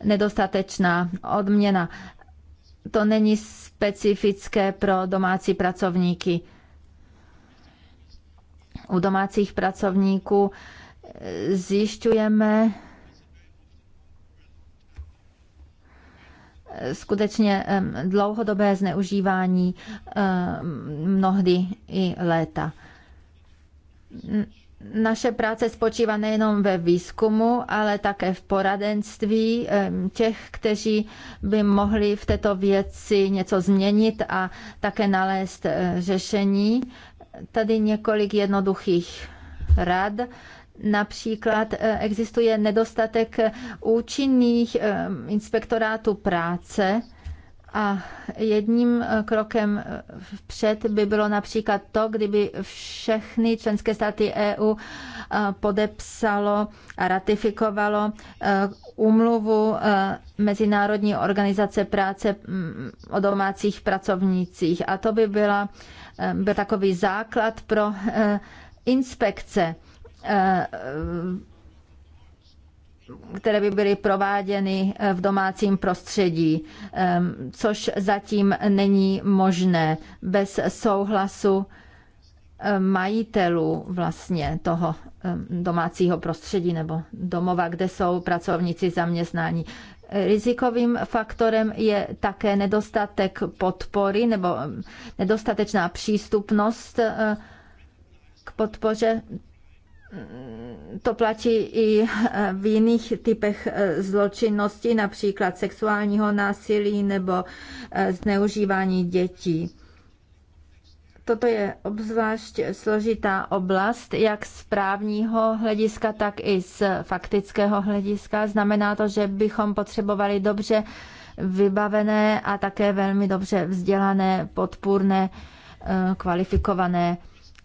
nedostatečná odměna. To není specifické pro domácí pracovníky. U domácích pracovníků eh, zjišťujeme, eh, skutečně dlouhodobé zneužívání mnohdy i léta. Naše práce spočívá nejenom ve výzkumu, ale také v poradenství těch, kteří by mohli v této věci něco změnit a také nalézt eh, řešení. Tady několik jednoduchých rad. Například eh, existuje nedostatek účinných inspektorátů práce, a jedním eh, krokem eh, vpřed by bylo například to, kdyby všechny členské státy EU eh, podepsalo a ratifikovalo umluvu Mezinárodní organizace práce mm, o domácích pracovnících. A to by byla, byl takový základ pro inspekce které by byly prováděny eh, v domácím prostředí, ehm, což zatím není možné bez souhlasu ehm, majitelů vlastně toho ehm, domácího prostředí nebo domova, kde jsou pracovníci zaměstnání. Rizikovým faktorem je také nedostatek podpory nebo nedostatečná přístupnost eh, k podpoře to platí i eh, v jiných typech eh, zločinnosti, například sexuálního násilí nebo eh, zneužívání dětí. Toto je obzvlášť složitá oblast, jak z právního hlediska, tak i z faktického hlediska. Znamená to, že bychom potřebovali dobře vybavené a také velmi dobře vzdělané, podpůrné, kvalifikované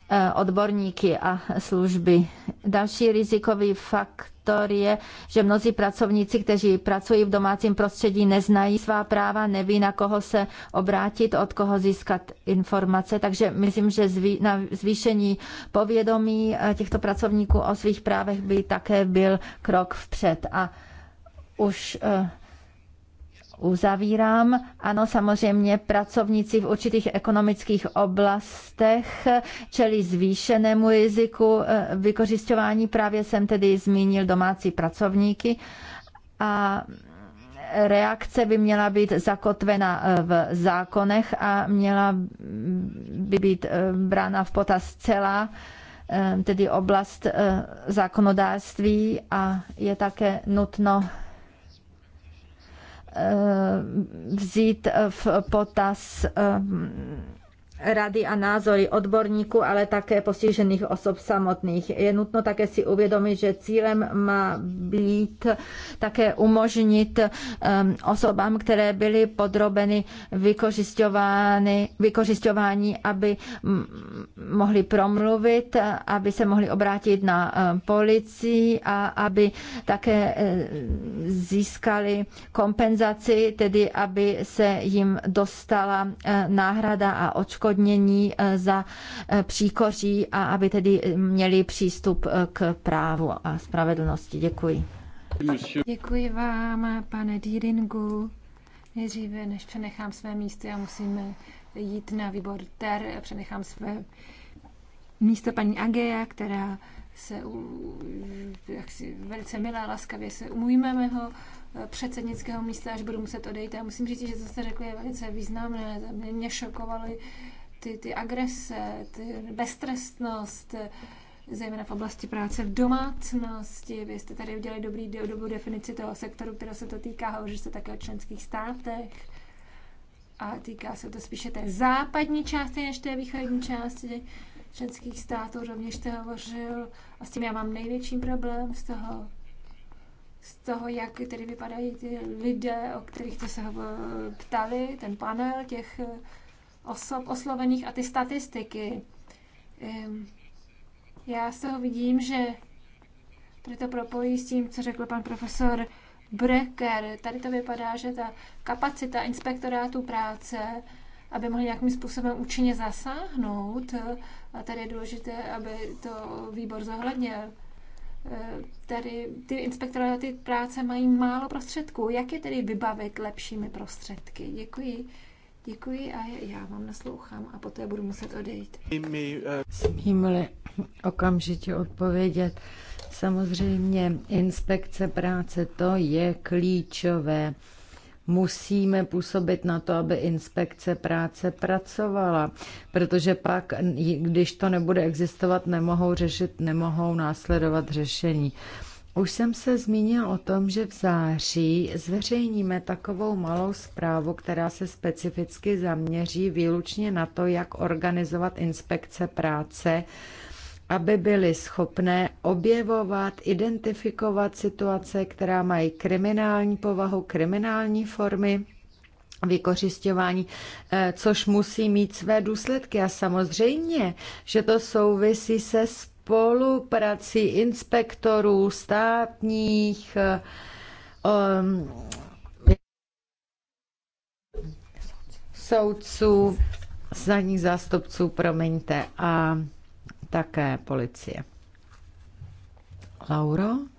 Eh, odborníky a služby. Další rizikový faktor je, že mnozí pracovníci, kteří pracují v domácím prostředí, neznají svá práva, neví, na koho se obrátit, od koho získat informace. Takže myslím, že na zvýšení povědomí eh, těchto pracovníků o svých právech by také byl krok vpřed. A už eh, uzavírám. Ano, samozřejmě pracovníci v určitých ekonomických oblastech čelí zvýšenému riziku eh, vykořišťování. Právě jsem tedy zmínil domácí pracovníky a reakce by měla být zakotvena eh, v zákonech a měla by být eh, brána v potaz celá tedy oblast zákonodárství a je také nutno Eh, vzít v potaz eh, rady a názory odborníků, ale také postižených osob samotných. Je nutno také si uvědomit, že cílem má být také umožnit um, osobám, které byly podrobeny vykořišťovány, vykořišťování, aby mm, mohli promluvit, aby se mohli obrátit na eh, policii a aby také eh, získali kompenzaci, tedy aby se jim dostala eh, náhrada a očkodnění odškodnění eh, za eh, příkoří a aby tedy eh, měli přístup k právu a spravedlnosti. Děkuji. Děkuji vám, pane Dýringu. Nejdříve, než přenechám své místo, já musím jít na výbor TER, přenechám své místo paní Ageja, která se jak si velice milá, laskavě se ujme mého předsednického místa, až budu muset odejít. Já musím říct, že to jste řekli je velice významné. Mě šokovaly ty, ty agrese, ty beztrestnost, zejména v oblasti práce v domácnosti. Vy jste tady udělali dobrý dobu definici toho sektoru, které se to týká, hovoří se také o členských státech. A týká se to spíše té západní části než té východní části členských států. Rovněž jste hovořil, a s tím já mám největší problém z toho z toho, jak tedy vypadají ty lidé, o kterých jste se ptali, ten panel těch eh, osob oslovených a ty statistiky. Ehm, já z toho vidím, že tady to propojí s tím, co řekl pan profesor Brecker. Tady to vypadá, že ta kapacita inspektorátu práce, aby mohli nějakým způsobem účinně zasáhnout, eh, a tady je důležité, aby to výbor zohlednil, Eh, tedy ty inspektoráty práce mají málo prostředků. Jak je tedy vybavit lepšími prostředky? Děkuji. Děkuji a já vám naslouchám a poté budu muset odejít. Eh, Smím-li okamžitě odpovědět. Samozřejmě inspekce práce to je klíčové musíme působit na to, aby inspekce práce pracovala, protože pak, když to nebude existovat, nemohou řešit, nemohou následovat řešení. Už jsem se zmínil o tom, že v září zveřejníme takovou malou zprávu, která se specificky zaměří výlučně na to, jak organizovat inspekce práce aby byly schopné objevovat, identifikovat situace, která mají kriminální povahu, kriminální formy vykořišťování, eh, což musí mít své důsledky. A samozřejmě, že to souvisí se spoluprací inspektorů státních eh, um, soudců, zadních zástupců, promiňte, a také policie. Lauro?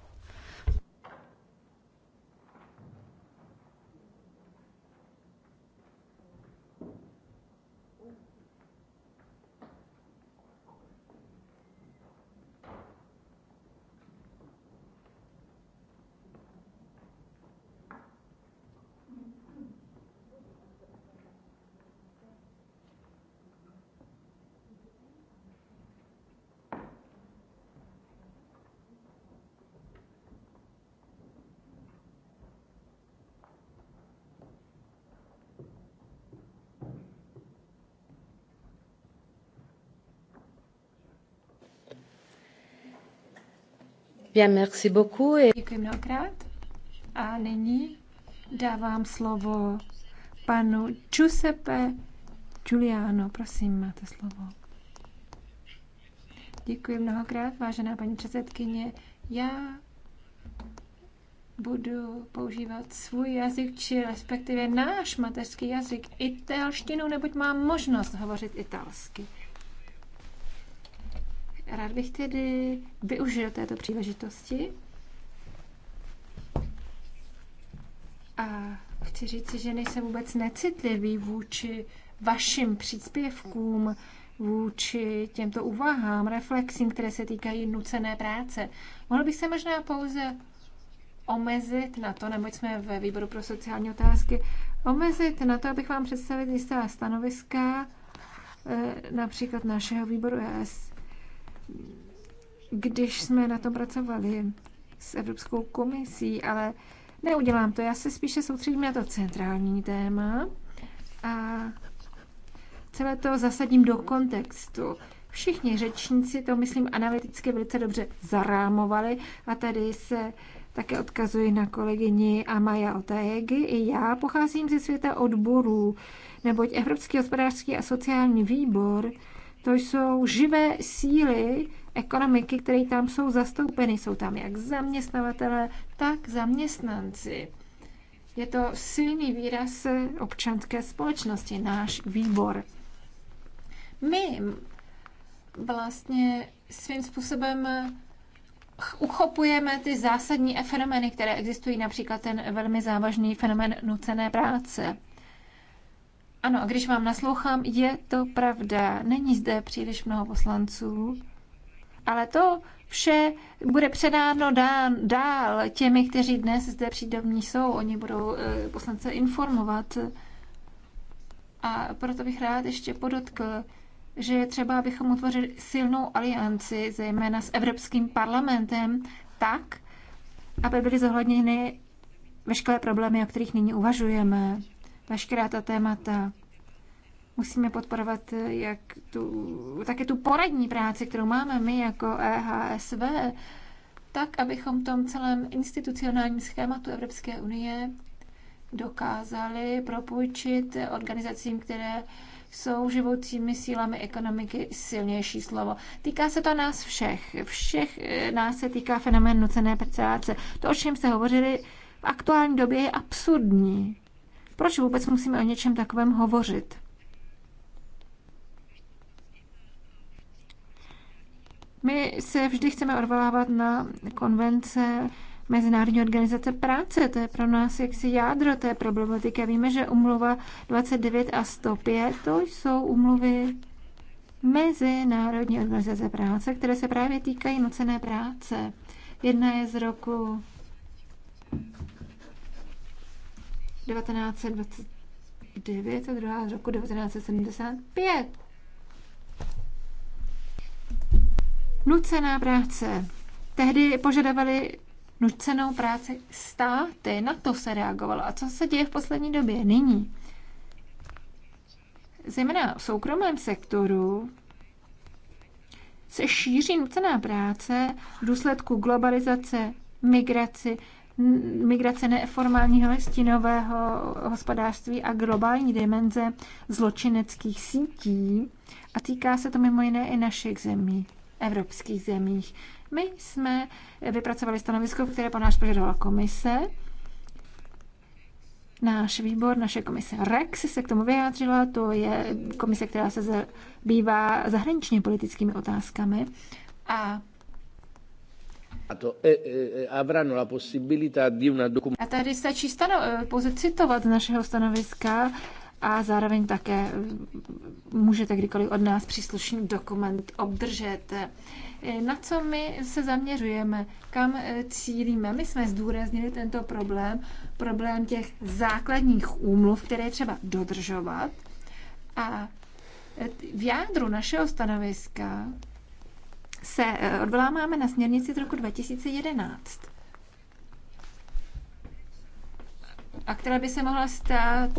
Bien, merci beaucoup. Děkuji mnohokrát. A nyní dávám slovo panu Giuseppe Giuliano. Prosím, máte slovo. Děkuji mnohokrát, vážená paní předsedkyně. Já budu používat svůj jazyk, či respektive náš mateřský jazyk, italštinu, neboť mám možnost hovořit italsky. Rád bych tedy využil této příležitosti a chci říct, že nejsem vůbec necitlivý vůči vašim příspěvkům, vůči těmto uvahám, reflexím, které se týkají nucené práce. Mohl bych se možná pouze omezit na to, neboť jsme ve výboru pro sociální otázky, omezit na to, abych vám představil jistá stanoviska, eh, například našeho výboru ES když jsme na tom pracovali s Evropskou komisí, ale neudělám to. Já se spíše soustředím na to centrální téma a celé to zasadím do kontextu. Všichni řečníci to, myslím, analyticky velice dobře zarámovali a tady se také odkazuji na kolegyni Amaya Otaegi. I já pocházím ze světa odborů, neboť Evropský hospodářský a sociální výbor to jsou živé síly ekonomiky, které tam jsou zastoupeny. Jsou tam jak zaměstnavatele, tak zaměstnanci. Je to silný výraz občanské společnosti, náš výbor. My vlastně svým způsobem uchopujeme ty zásadní fenomény, které existují, například ten velmi závažný fenomén nucené práce. Ano, a když vám naslouchám, je to pravda. Není zde příliš mnoho poslanců, ale to vše bude předáno dán, dál těmi, kteří dnes zde přítomní jsou. Oni budou eh, poslance informovat. A proto bych rád ještě podotkl, že je třeba, abychom utvořili silnou alianci, zejména s Evropským parlamentem, tak, aby byly zohledněny veškeré problémy, o kterých nyní uvažujeme veškerá ta témata. Musíme podporovat jak tu, také tu poradní práci, kterou máme my jako EHSV, tak, abychom v tom celém institucionálním schématu Evropské unie dokázali propůjčit organizacím, které jsou živoucími sílami ekonomiky silnější slovo. Týká se to nás všech. Všech eh, nás se týká fenomén nucené práce. To, o čem se hovořili, v aktuální době je absurdní. Proč vůbec musíme o něčem takovém hovořit? My se vždy chceme odvolávat na konvence Mezinárodní organizace práce. To je pro nás jaksi jádro té problematiky. Víme, že umluva 29 a 105, to jsou umluvy Mezinárodní organizace práce, které se právě týkají nucené práce. Jedna je z roku 1929 a druhá z roku 1975. Nucená práce. Tehdy požadovali nucenou práci státy, na to se reagovalo. A co se děje v poslední době, nyní? Zejména v soukromém sektoru se šíří nucená práce v důsledku globalizace, migraci, migrace neformálního listinového hospodářství a globální dimenze zločineckých sítí a týká se to mimo jiné i našich zemí, evropských zemích. My jsme vypracovali stanovisko, které po nás požadovala komise. Náš výbor, naše komise REX se k tomu vyjádřila, to je komise, která se zabývá zahraničně politickými otázkami. A E, e, e, a tady stačí stano- pouze citovat z našeho stanoviska a zároveň také můžete kdykoliv od nás příslušný dokument obdržet. Na co my se zaměřujeme? Kam cílíme? My jsme zdůraznili tento problém, problém těch základních úmluv, které je třeba dodržovat. A v jádru našeho stanoviska se eh, odvoláváme na směrnici z roku 2011. a která by se mohla stát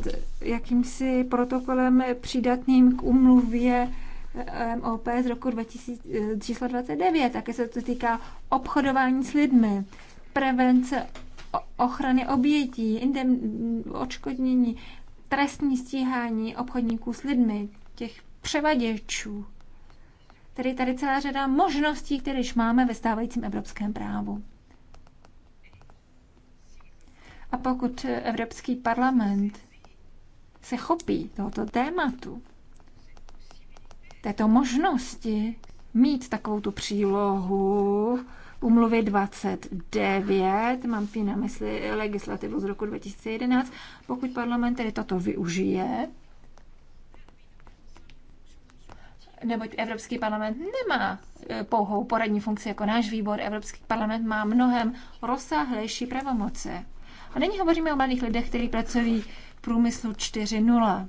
jakýmsi protokolem přidatným k umluvě eh, MOP z roku 2000, eh, číslo 29. Také se to týká obchodování s lidmi, prevence ochrany obětí, indem, odškodnění, trestní stíhání obchodníků s lidmi, těch převaděčů tedy tady celá řada možností, které již máme ve stávajícím evropském právu. A pokud Evropský parlament se chopí tohoto tématu, této možnosti mít takovou tu přílohu umluvy 29, mám tím na mysli legislativu z roku 2011, pokud parlament tedy toto využije, neboť Evropský parlament nemá e, pouhou poradní funkci jako náš výbor. Evropský parlament má mnohem rozsáhlejší pravomoce. A nyní hovoříme o malých lidech, kteří pracují v průmyslu 4.0.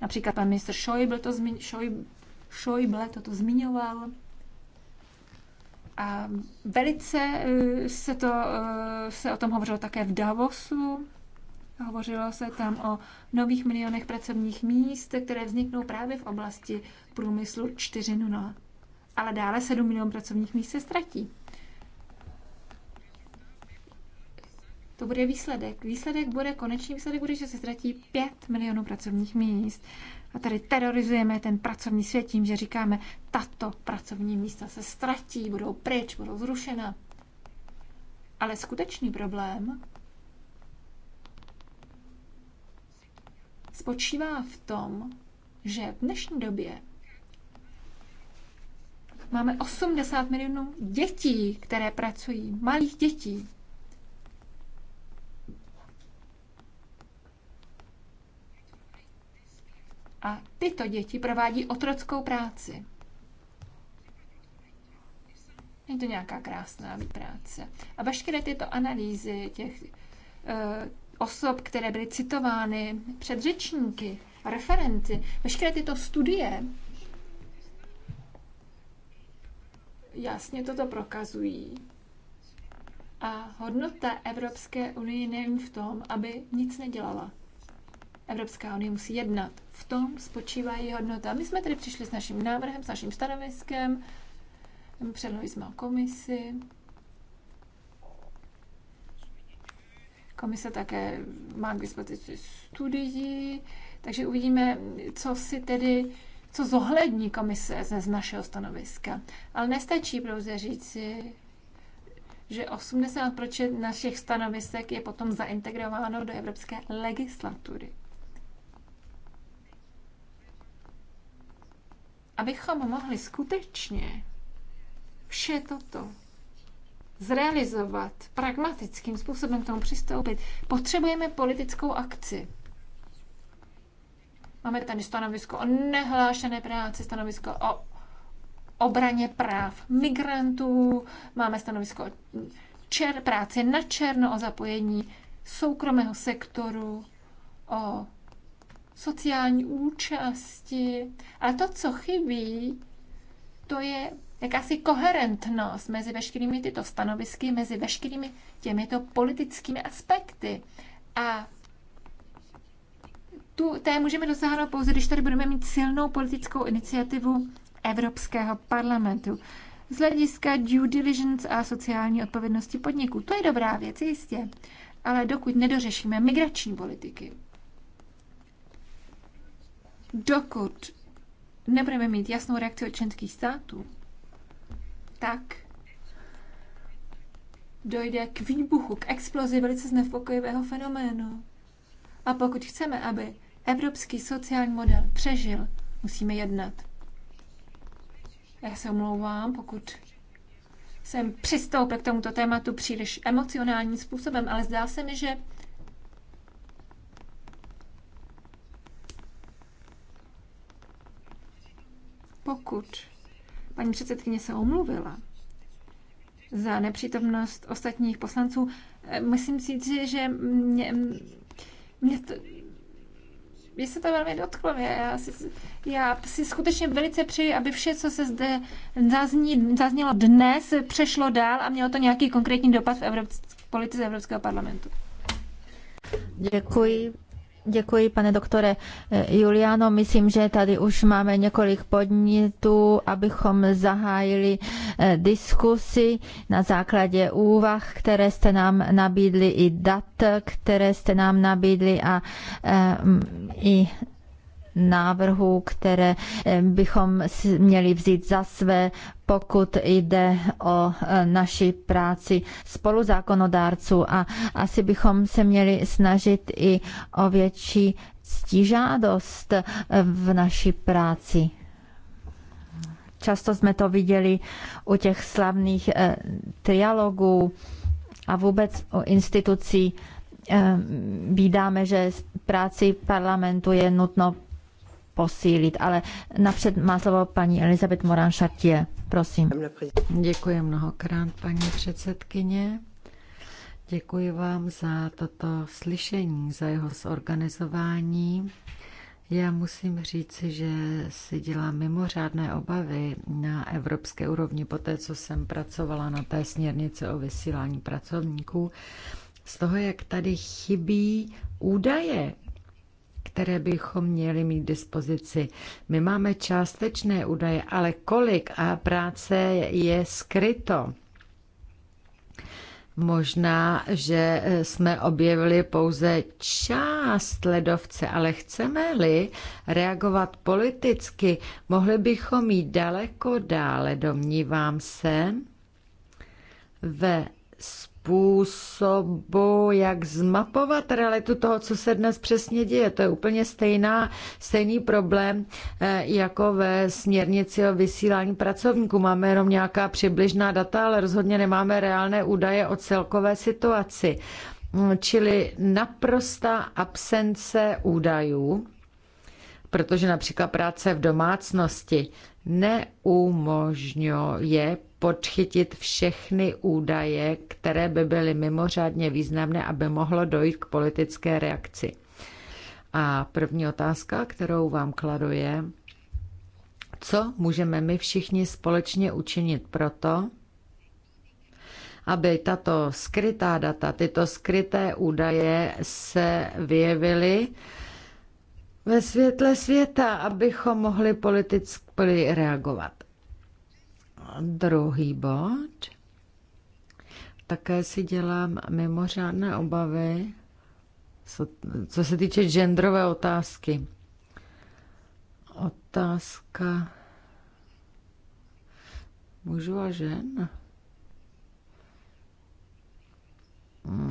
Například pan ministr Schäuble to, zmi- Schäuble, Schäuble to, to zmiňoval. A velice e, se, to, e, se o tom hovořilo také v Davosu. Hovořilo se tam o nových milionech pracovních míst, které vzniknou právě v oblasti průmyslu 4.0. Ale dále 7 milionů pracovních míst se ztratí. To bude výsledek. Výsledek bude, konečný výsledek bude, že se ztratí 5 milionů pracovních míst. A tady terorizujeme ten pracovní svět tím, že říkáme, tato pracovní místa se ztratí, budou pryč, budou zrušena. Ale skutečný problém spočívá v tom, že v dnešní době máme 80 milionů dětí, které pracují, malých dětí. A tyto děti provádí otrockou práci. Je to nějaká krásná práce. A veškeré tyto analýzy těch eh, osob, které byly citovány předřečníky, referenty, veškeré tyto studie jasně toto prokazují. A hodnota Evropské unie není v tom, aby nic nedělala. Evropská unie musí jednat. V tom spočívá její hodnota. My jsme tedy přišli s naším návrhem, s naším stanoviskem, předložili jsme o komisi, Komise také má k dispozici studii, takže uvidíme, co si tedy co zohlední komise z našeho stanoviska. Ale nestačí pouze říci, že 80% našich stanovisek je potom zaintegrováno do evropské legislatury. Abychom mohli skutečně vše toto zrealizovat, pragmatickým způsobem k tomu přistoupit, potřebujeme politickou akci. Máme tady stanovisko o nehlášené práci, stanovisko o obraně práv migrantů, máme stanovisko o čer, práci na černo, o zapojení soukromého sektoru, o sociální účasti. A to, co chybí, to je jakási koherentnost mezi veškerými tyto stanovisky, mezi veškerými těmito politickými aspekty. A tu, té můžeme dosáhnout pouze, když tady budeme mít silnou politickou iniciativu Evropského parlamentu. Z hlediska due diligence a sociální odpovědnosti podniků. To je dobrá věc, jistě. Ale dokud nedořešíme migrační politiky, dokud nebudeme mít jasnou reakci od členských států, tak dojde k výbuchu, k explozi velice znepokojivého fenoménu. A pokud chceme, aby evropský sociální model přežil, musíme jednat. Já se omlouvám, pokud jsem přistoupil k tomuto tématu příliš emocionálním způsobem, ale zdá se mi, že pokud Paní předsedkyně se omluvila za nepřítomnost ostatních poslanců. Eh, musím říct, že mě, mě to, mě se to velmi dotklo. Já si, já si skutečně velice přeji, aby vše, co se zde zazní, zaznělo dnes, přešlo dál a mělo to nějaký konkrétní dopad v Evropsk- v politice Evropského parlamentu. Děkuji. Děkuji, pane doktore eh, Juliano. Myslím, že tady už máme několik podnětů, abychom zahájili eh, diskusy na základě úvah, které jste nám nabídli i dat, které jste nám nabídli a eh, i návrhů, které eh, bychom měli vzít za své, pokud jde o eh, naši práci spoluzákonodárců a asi bychom se měli snažit i o větší ctižádost eh, v naší práci. Často jsme to viděli u těch slavných eh, trialogů a vůbec u institucí eh, vídáme, že práci parlamentu je nutno posílit. Ale napřed má slovo paní Elizabeth Moran Šartě. Prosím. Děkuji mnohokrát, paní předsedkyně. Děkuji vám za toto slyšení, za jeho zorganizování. Já musím říci, že si dělám mimořádné obavy na evropské úrovni po té, co jsem pracovala na té směrnici o vysílání pracovníků. Z toho, jak tady chybí údaje které bychom měli mít dispozici. My máme částečné údaje, ale kolik a práce je skryto? Možná, že jsme objevili pouze část ledovce, ale chceme-li reagovat politicky, mohli bychom jít daleko dále, domnívám se, ve způsobu, jak zmapovat realitu toho, co se dnes přesně děje. To je úplně stejná, stejný problém eh, jako ve směrnici o vysílání pracovníků. Máme jenom nějaká přibližná data, ale rozhodně nemáme reálné údaje o celkové situaci. Mm, čili naprosta absence údajů protože například práce v domácnosti neumožňuje podchytit všechny údaje, které by byly mimořádně významné, aby mohlo dojít k politické reakci. A první otázka, kterou vám kladu, je, co můžeme my všichni společně učinit proto, aby tato skrytá data, tyto skryté údaje se vyjevily ve světle světa, abychom mohli politicky reagovat. Druhý bod. Také si dělám mimořádné obavy, co se týče genderové otázky. Otázka mužů a žen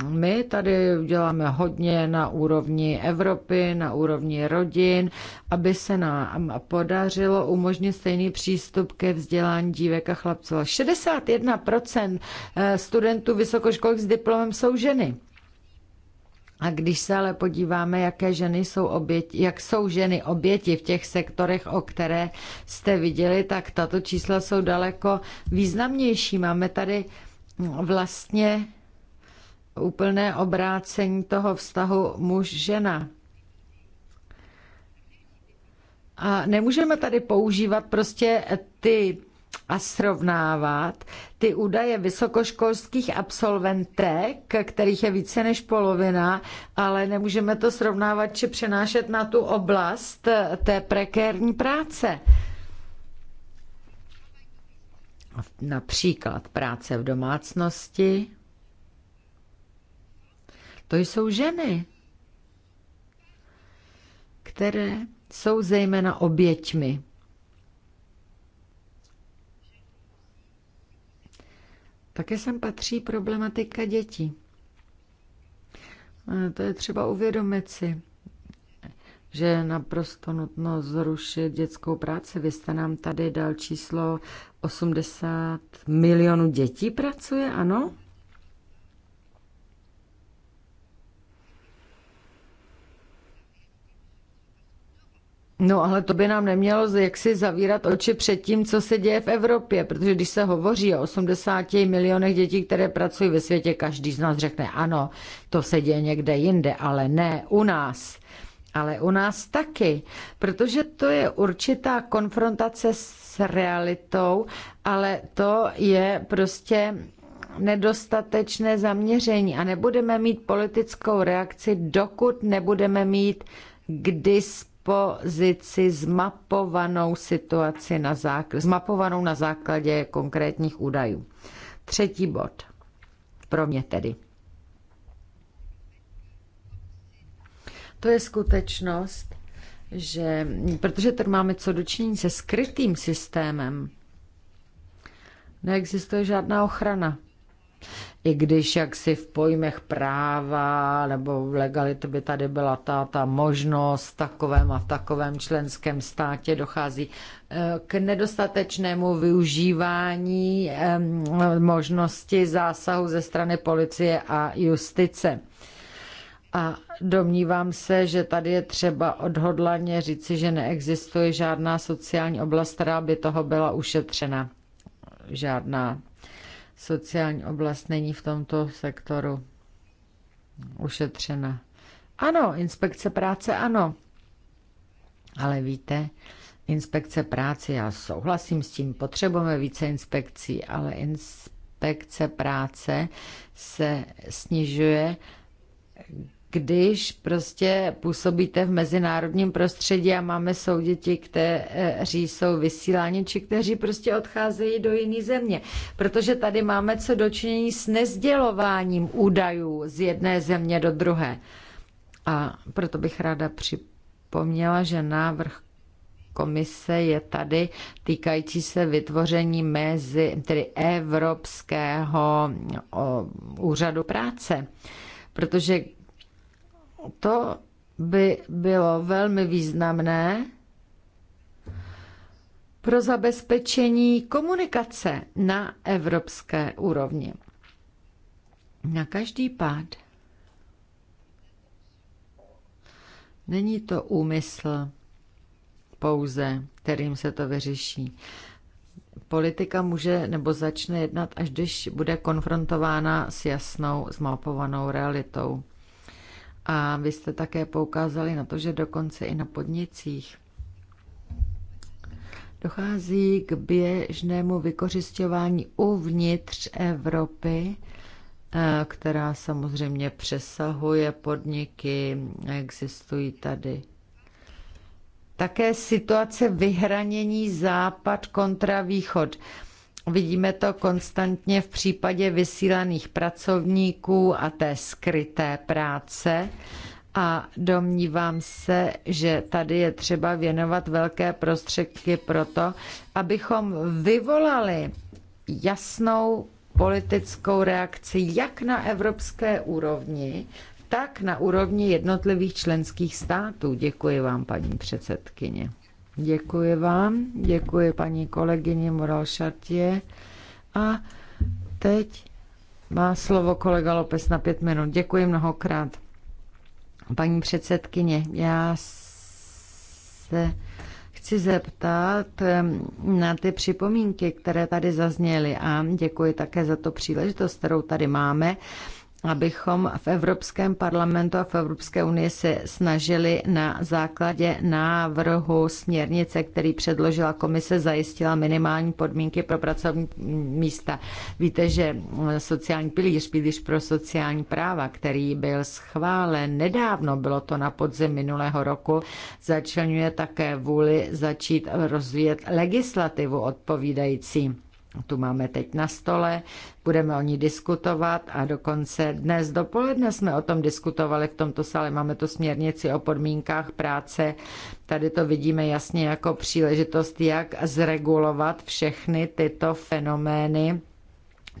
My tady děláme hodně na úrovni Evropy, na úrovni rodin, aby se nám podařilo umožnit stejný přístup ke vzdělání dívek a chlapců. 61% eh, studentů vysokoškolek s diplomem jsou ženy. A když se ale podíváme, jaké ženy jsou oběti, jak jsou ženy oběti v těch sektorech, o které jste viděli, tak tato čísla jsou daleko významnější. Máme tady vlastně úplné obrácení toho vztahu muž-žena. A nemůžeme tady používat prostě ty a srovnávat ty údaje vysokoškolských absolventek, kterých je více než polovina, ale nemůžeme to srovnávat či přenášet na tu oblast té prekérní práce. Například práce v domácnosti, to jsou ženy, které jsou zejména oběťmi. Také sem patří problematika dětí. Eh, to je třeba uvědomit si, že je naprosto nutno zrušit dětskou práci. Vy jste nám tady dal číslo 80 milionů dětí pracuje, ano? No ale to by nám nemělo jaksi zavírat oči před tím, co se děje v Evropě, protože když se hovoří o 80 milionech dětí, které pracují ve světě, každý z nás řekne ano, to se děje někde jinde, ale ne u nás. Ale u nás taky, protože to je určitá konfrontace s realitou, ale to je prostě nedostatečné zaměření a nebudeme mít politickou reakci, dokud nebudeme mít k dispozici dispozici zmapovanou situaci na základě, zmapovanou na základě konkrétních údajů. Třetí bod. Pro mě tedy. To je skutečnost, že protože tady máme co dočinění se skrytým systémem, neexistuje žádná ochrana i když jaksi v pojmech práva nebo v legality by tady byla ta, ta možnost v takovém a v takovém členském státě dochází eh, k nedostatečnému využívání možnosti zásahu ze strany policie a justice. A domnívám se, že tady je třeba odhodlaně říci, že neexistuje žádná sociální oblast, která by toho byla ušetřena. Žádná sociální oblast není v tomto sektoru ušetřena. Ano, inspekce práce ano. Ale víte, inspekce práce, já souhlasím s tím, potřebujeme více inspekcí, ale inspekce práce se snižuje, když prostě působíte v mezinárodním prostředí a máme souděti, kteří jsou vysíláni či kteří prostě odcházejí do jiné země. Protože tady máme co dočinění s nezdělováním údajů z jedné země do druhé. A proto bych ráda připomněla, že návrh komise je tady týkající se vytvoření mezi tedy Evropského úřadu práce. Protože to by bylo velmi významné pro zabezpečení komunikace na evropské úrovni. Na každý pád. Není to úmysl pouze, kterým se to vyřeší. Politika může nebo začne jednat, až když bude konfrontována s jasnou, zmapovanou realitou. A vy jste také poukázali na to, že dokonce i na podnicích dochází k běžnému vykořišťování uvnitř Evropy, eh, která samozřejmě přesahuje podniky, existují tady. Také situace vyhranění západ kontra východ. Vidíme to konstantně v případě vysílaných pracovníků a té skryté práce. A domnívám se, že tady je třeba věnovat velké prostředky pro to, abychom vyvolali jasnou politickou reakci jak na evropské úrovni, tak na úrovni jednotlivých členských států. Děkuji vám, paní předsedkyně. Děkuji vám, děkuji paní kolegyně Moral Šartě a teď má slovo kolega Lopes na pět minut. Děkuji mnohokrát. Paní předsedkyně, já se chci zeptat na ty připomínky, které tady zazněly a děkuji také za to příležitost, kterou tady máme abychom v Evropském parlamentu a v Evropské unii se snažili na základě návrhu směrnice, který předložila komise, zajistila minimální podmínky pro pracovní místa. Víte, že sociální pilíř, pilíř pro sociální práva, který byl schválen nedávno, bylo to na podzim minulého roku, začlenuje také vůli začít rozvíjet legislativu odpovídající tu máme teď na stole, budeme o ní diskutovat a dokonce dnes dopoledne jsme o tom diskutovali v tomto sále. Máme tu směrnici o podmínkách práce. Tady to vidíme jasně jako příležitost, jak zregulovat všechny tyto fenomény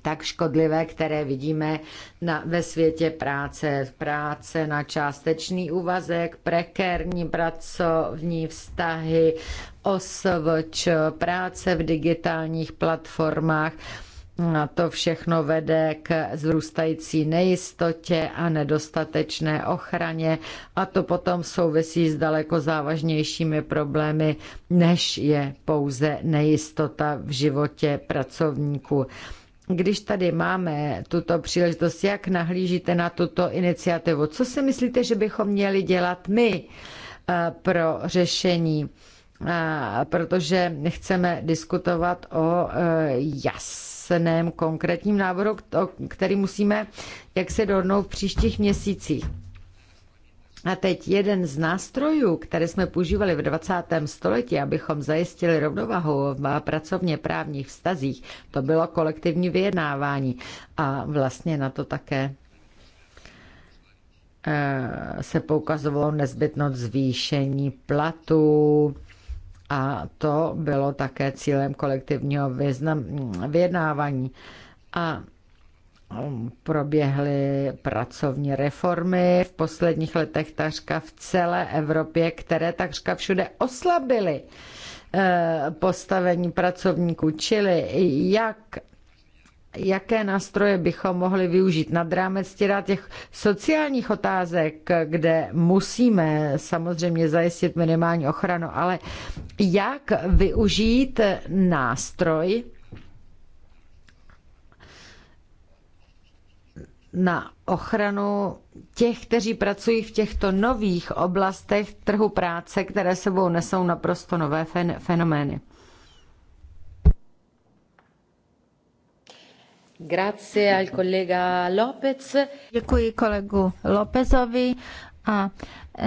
tak škodlivé, které vidíme na, ve světě práce. Práce na částečný úvazek, prekérní pracovní vztahy, osvč, práce v digitálních platformách. A to všechno vede k zrůstající nejistotě a nedostatečné ochraně a to potom souvisí s daleko závažnějšími problémy, než je pouze nejistota v životě pracovníků když tady máme tuto příležitost, jak nahlížíte na tuto iniciativu? Co si myslíte, že bychom měli dělat my eh, pro řešení? Eh, protože chceme diskutovat o eh, jasném konkrétním návrhu, který musíme jak se dohodnout v příštích měsících. A teď jeden z nástrojů, které jsme používali v 20. století, abychom zajistili rovnovahu v pracovně právních vztazích, to bylo kolektivní vyjednávání. A vlastně na to také eh, se poukazovalo nezbytnost zvýšení platů, a to bylo také cílem kolektivního vyjednávání. A proběhly pracovní reformy v posledních letech takřka v celé Evropě, které takřka všude oslabily eh, postavení pracovníků, čili jak jaké nástroje bychom mohli využít nad rámec těch sociálních otázek, kde musíme samozřejmě zajistit minimální ochranu, ale jak využít nástroj, na ochranu těch, kteří pracují v těchto nových oblastech trhu práce, které sebou nesou naprosto nové fen- fenomény. Grazie al collega Lopez. Děkuji kolegu Lopezovi a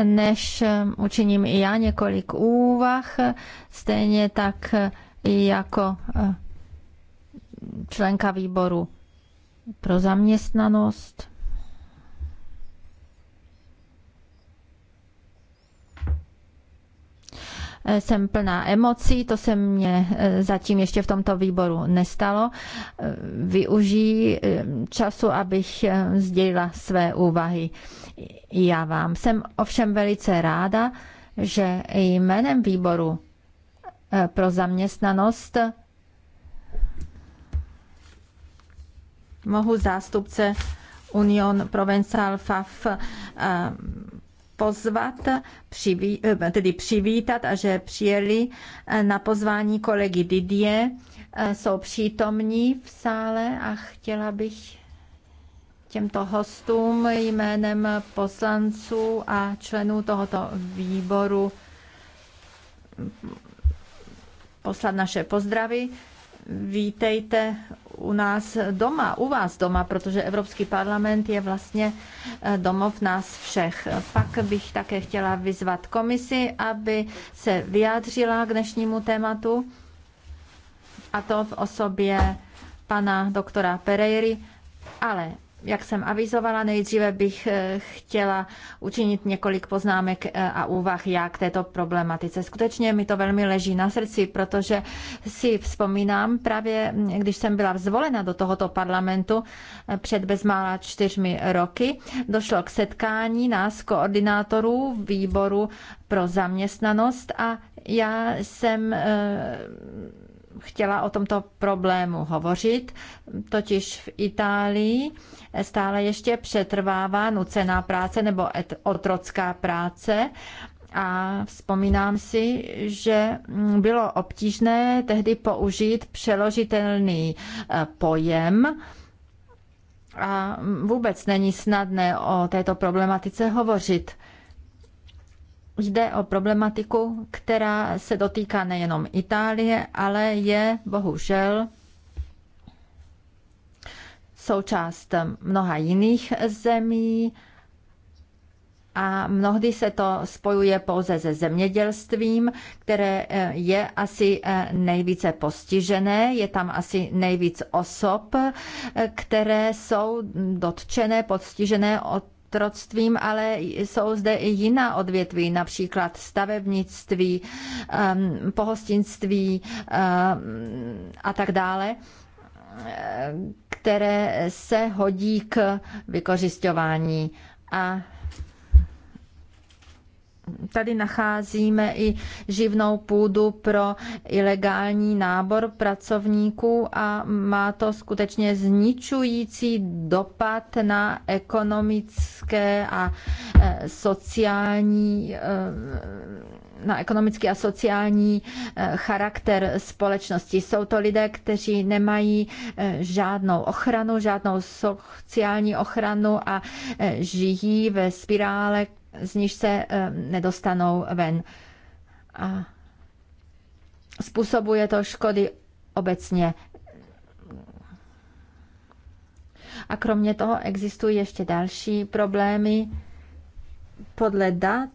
než um, učiním i já několik úvah, stejně tak jako uh, členka výboru pro zaměstnanost. Eh, jsem plná emocí, to se mě eh, zatím ještě v tomto výboru nestalo. Eh, využiji času, abych sdělila své úvahy. Já vám jsem ovšem velice ráda, že jménem výboru pro zaměstnanost mohu zástupce Union Provençal FAF eh, pozvat, přiví, eh, tedy přivítat a že přijeli eh, na pozvání kolegy Didie. Jsou přítomní v sále a chtěla bych těmto hostům jménem poslanců a členů tohoto výboru poslat naše pozdravy vítejte u nás doma, u vás doma, protože Evropský parlament je vlastně eh, domov nás všech. Pak bych také chtěla vyzvat komisi, aby se vyjádřila k dnešnímu tématu a to v osobě pana doktora Pereiry, ale jak jsem avizovala, nejdříve bych eh, chtěla učinit několik poznámek eh, a úvah jak k této problematice. Skutečně mi to velmi leží na srdci, protože si vzpomínám právě, mm, když jsem byla zvolena do tohoto parlamentu eh, před bezmála čtyřmi roky, došlo k setkání nás koordinátorů výboru pro zaměstnanost a já jsem chtěla o tomto problému hovořit, totiž v Itálii stále ještě přetrvává nucená práce nebo otrocká práce a vzpomínám si, že mm, bylo obtížné tehdy použít přeložitelný e, pojem a mm, vůbec není snadné o této problematice hovořit. Jde o problematiku, která se dotýká nejenom Itálie, ale je bohužel součást mnoha jiných zemí a mnohdy se to spojuje pouze se zemědělstvím, které eh, je asi eh, nejvíce postižené, je tam asi nejvíc osob, eh, které jsou dotčené, postižené od otroctvím, ale jsou zde i jiná odvětví, například stavebnictví, um, pohostinství um, a tak dále eh, které se hodí k vykořišťování. A tady nacházíme i živnou půdu pro ilegální nábor pracovníků a má to skutečně zničující dopad na ekonomické a e, sociální e, na ekonomický a sociální e, charakter společnosti. Jsou to lidé, kteří nemají žádnou ochranu, žádnou sociální ochranu a žijí ve spirále z níž se eh, nedostanou ven. A způsobuje to škody obecně. A kromě toho existují ještě další problémy. Podle dat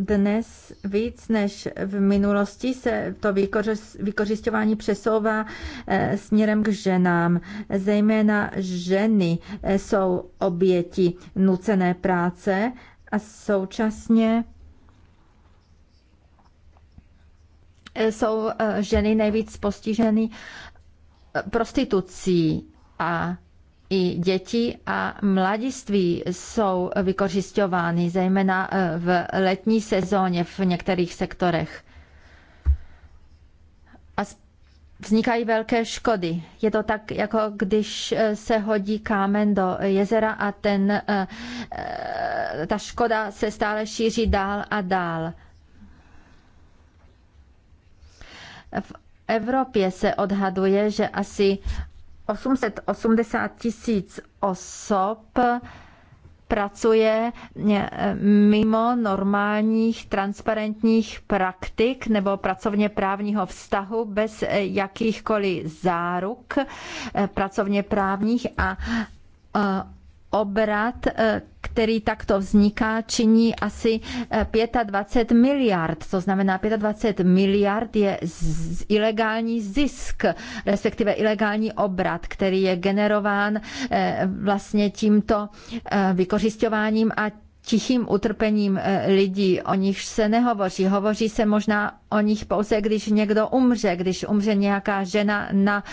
dnes víc než v minulosti se to vykořišťování přesouvá eh, směrem k ženám. Zejména ženy eh, jsou oběti nucené práce a současně eh, jsou ženy nejvíc postiženy prostitucí a i děti a mladiství jsou vykořišťovány, zejména eh, v letní sezóně v některých sektorech. A vznikají velké škody. Je to tak, jako když eh, se hodí kámen do jezera a ten, eh, ta škoda se stále šíří dál a dál. V Evropě se odhaduje, že asi 880 tisíc osob pracuje eh, mimo normálních transparentních praktik nebo pracovně právního vztahu bez eh, jakýchkoliv záruk eh, pracovně právních a obrat, eh, který takto vzniká, činí asi 25 eh, miliard. To znamená, 25 miliard je z ilegální zisk, respektive ilegální obrat, který je generován eh, vlastně tímto vykořišťováním a tichým utrpením eh, lidí, o nich se nehovoří. Hovoří se možná o nich pouze, když někdo umře, když umře nějaká žena na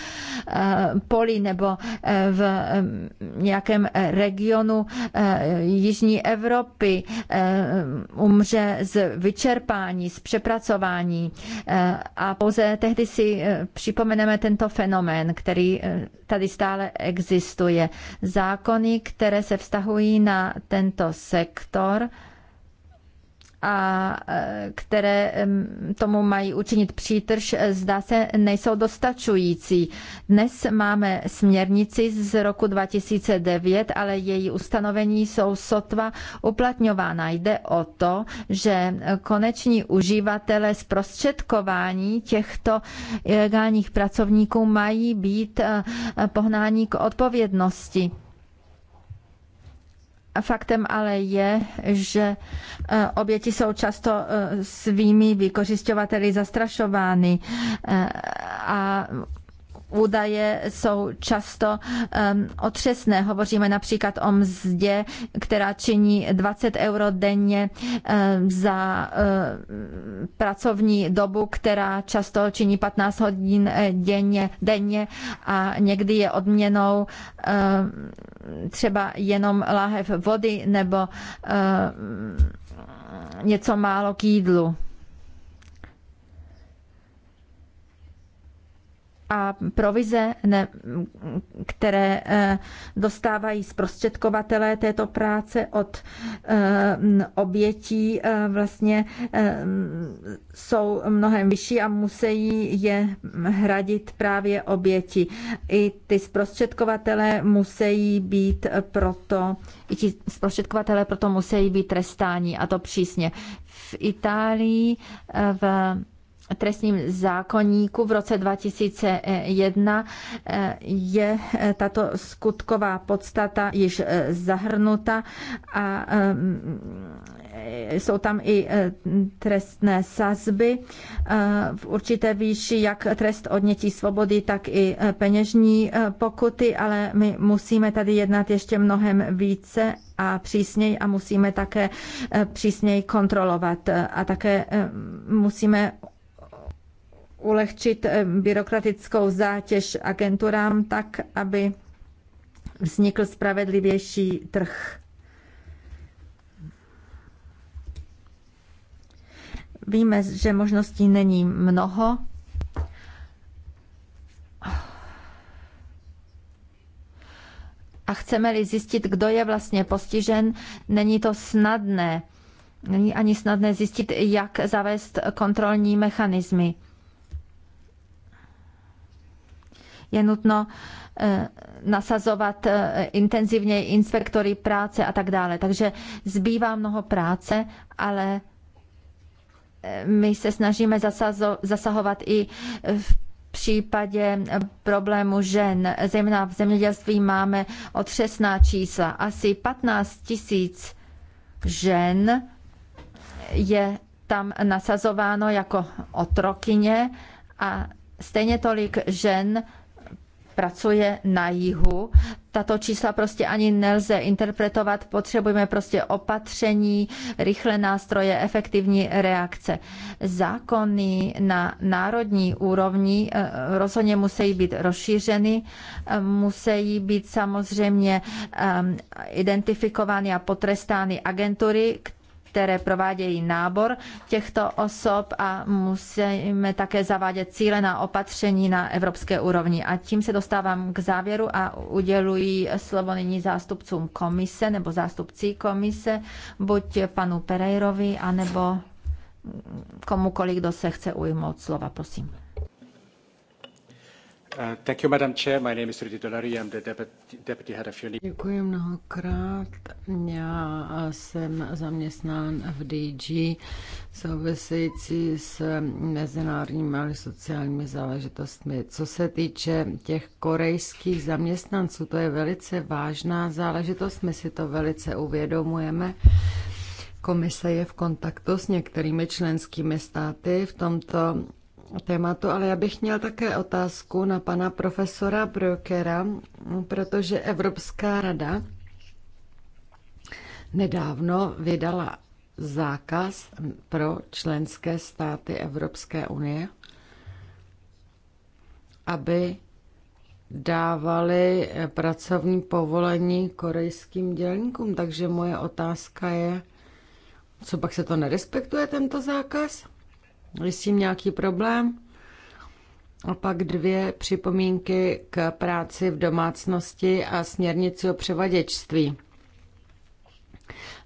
eh, poli nebo eh, v nějakém regionu Jižní Evropy, umře z vyčerpání, z přepracování. A pouze tehdy si připomeneme tento fenomén, který tady stále existuje. Zákony, které se vztahují na tento sektor, prostor, a e, které tomu mají učinit přítrž, e, zdá se, nejsou dostačující. Dnes máme směrnici z roku 2009, ale její ustanovení jsou sotva uplatňována. Jde o to, že koneční uživatelé zprostředkování těchto ilegálních pracovníků mají být e, pohnání k odpovědnosti. Faktem ale je, že e, oběti jsou často e, svými vykořišťovateli zastrašovány e, a údaje jsou často um, otřesné. Hovoříme například o mzdě, která činí 20 euro denně um, za um, pracovní dobu, která často činí 15 hodin eh, denně, denně a někdy je odměnou um, třeba jenom láhev vody nebo um, něco málo k jídlu. a provize, ne, které eh, dostávají zprostředkovatelé této práce od eh, obětí, eh, vlastně jsou mnohem vyšší a musí je hradit právě oběti. I ty zprostředkovatelé musí být proto, i ti zprostředkovatelé proto musí být trestáni a to přísně. V Itálii v trestním zákonníku v roce 2001 eh, je eh, tato skutková podstata již eh, zahrnuta a jsou tam i trestné sazby v určité výši, jak trest odnětí svobody, tak i peněžní pokuty, ale my musíme tady jednat ještě mnohem více a přísněji a musíme také přísněji kontrolovat a také musíme ulehčit eh, byrokratickou zátěž agenturám tak, aby vznikl spravedlivější trh. Víme, že možností není mnoho. A chceme-li zjistit, kdo je vlastně postižen, není to snadné. Není ani snadné zjistit, jak zavést kontrolní mechanismy. Je nutno eh, nasazovat eh, intenzivně inspektory práce a tak dále. Takže zbývá mnoho práce, ale eh, my se snažíme zasahovat i v případě problému žen, zejména v zemědělství máme otřesná čísla. Asi 15 tisíc žen je tam nasazováno jako otrokyně a stejně tolik žen pracuje na jihu. Tato čísla prostě ani nelze interpretovat. Potřebujeme prostě opatření, rychlé nástroje, efektivní reakce. Zákony na národní úrovni eh, rozhodně musí být rozšířeny, eh, musí být samozřejmě ehm, identifikovány a potrestány agentury, které které provádějí nábor těchto osob a musíme také zavádět cíle na opatření na evropské úrovni. A tím se dostávám k závěru a uděluji slovo nyní zástupcům komise nebo zástupcí komise, buď panu Pereirovi, anebo komukoliv, kdo se chce ujmout slova. Prosím. Uh, thank you, Madam Chair. My name is Rudy Dolary. I'm the deputy, deputy head of unit. Děkuji mnohokrát. Já jsem zaměstnán v DG související s mezinárodními a sociálními záležitostmi. Co se týče těch korejských zaměstnanců, to je velice vážná záležitost. My si to velice uvědomujeme. Komise je v kontaktu s některými členskými státy v tomto tématu, ale já bych měl také otázku na pana profesora Brokera, protože Evropská rada nedávno vydala zákaz pro členské státy Evropské unie, aby dávali pracovní povolení korejským dělníkům. Takže moje otázka je, co pak se to nerespektuje, tento zákaz? Je s tím nějaký problém? A pak dvě připomínky k práci v domácnosti a směrnici o převaděčství.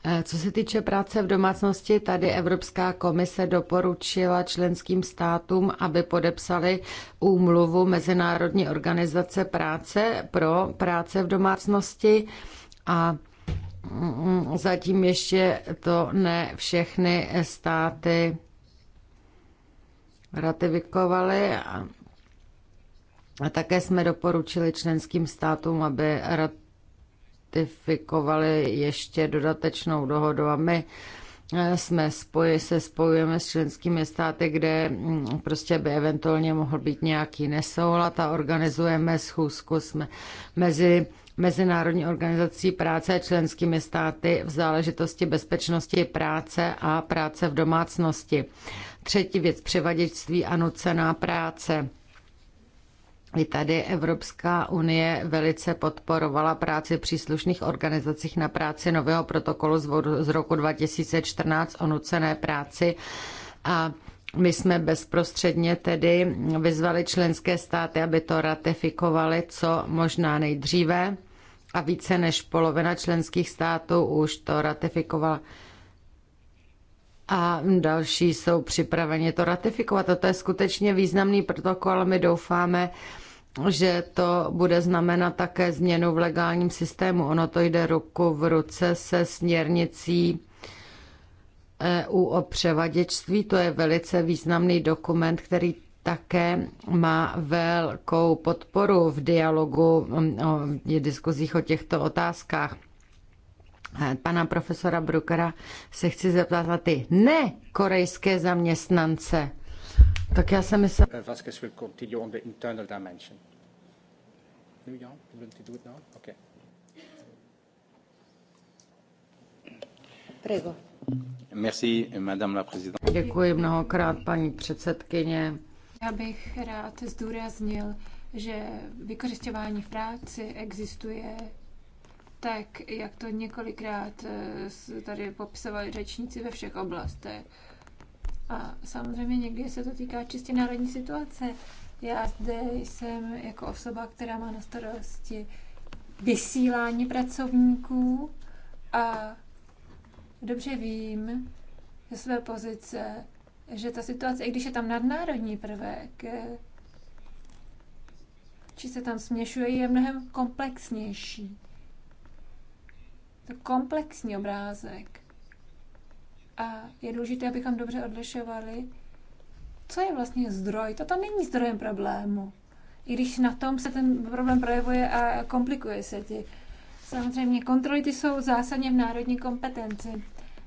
Eh, co se týče práce v domácnosti, tady Evropská komise doporučila členským státům, aby podepsali úmluvu Mezinárodní organizace práce pro práce v domácnosti a mm, mm, zatím ještě to ne všechny státy ratifikovali a, a také jsme doporučili členským státům, aby ratifikovali ještě dodatečnou dohodu a my eh, jsme spoji, se spojujeme s členskými státy, kde mm, prostě by eventuálně mohl být nějaký nesoulad a organizujeme schůzku jsme mezi Mezinárodní organizací práce členskými státy v záležitosti bezpečnosti práce a práce v domácnosti. Třetí věc převaděčství a nucená práce. I tady Evropská unie velice podporovala práci příslušných organizacích na práci nového protokolu z roku 2014 o nucené práci a my jsme bezprostředně tedy vyzvali členské státy, aby to ratifikovali co možná nejdříve a více než polovina členských států už to ratifikovala a další jsou připraveni to ratifikovat. A to je skutečně významný protokol a my doufáme, že to bude znamenat také změnu v legálním systému. Ono to jde ruku v ruce se směrnicí EU o převaděčství. To je velice významný dokument, který také má velkou podporu v dialogu, mm, v diskuzích o těchto otázkách. Eh, pana profesora Brukera se chci zeptat na ty ne korejské zaměstnance. Tak já jsem myslel... Vasquez will continue on the internal dimension. You want to do it now? Okay. Prego. Merci, madame la présidente. Děkuji mnohokrát, paní předsedkyně. Já bych rád zdůraznil, že vykořišťování v práci existuje tak, jak to několikrát eh, tady popisovali řečníci ve všech oblastech. A samozřejmě někdy se to týká čistě národní situace. Já zde jsem jako osoba, která má na starosti vysílání pracovníků a dobře vím ze své pozice, že ta situace, i když je tam nadnárodní prvek, eh, či se tam směšuje, je mnohem komplexnější komplexní obrázek. A je důležité, abychom dobře odlišovali, co je vlastně zdroj. Toto není zdrojem problému. I když na tom se ten problém projevuje a komplikuje se ti. Samozřejmě kontroly ty jsou zásadně v národní kompetenci.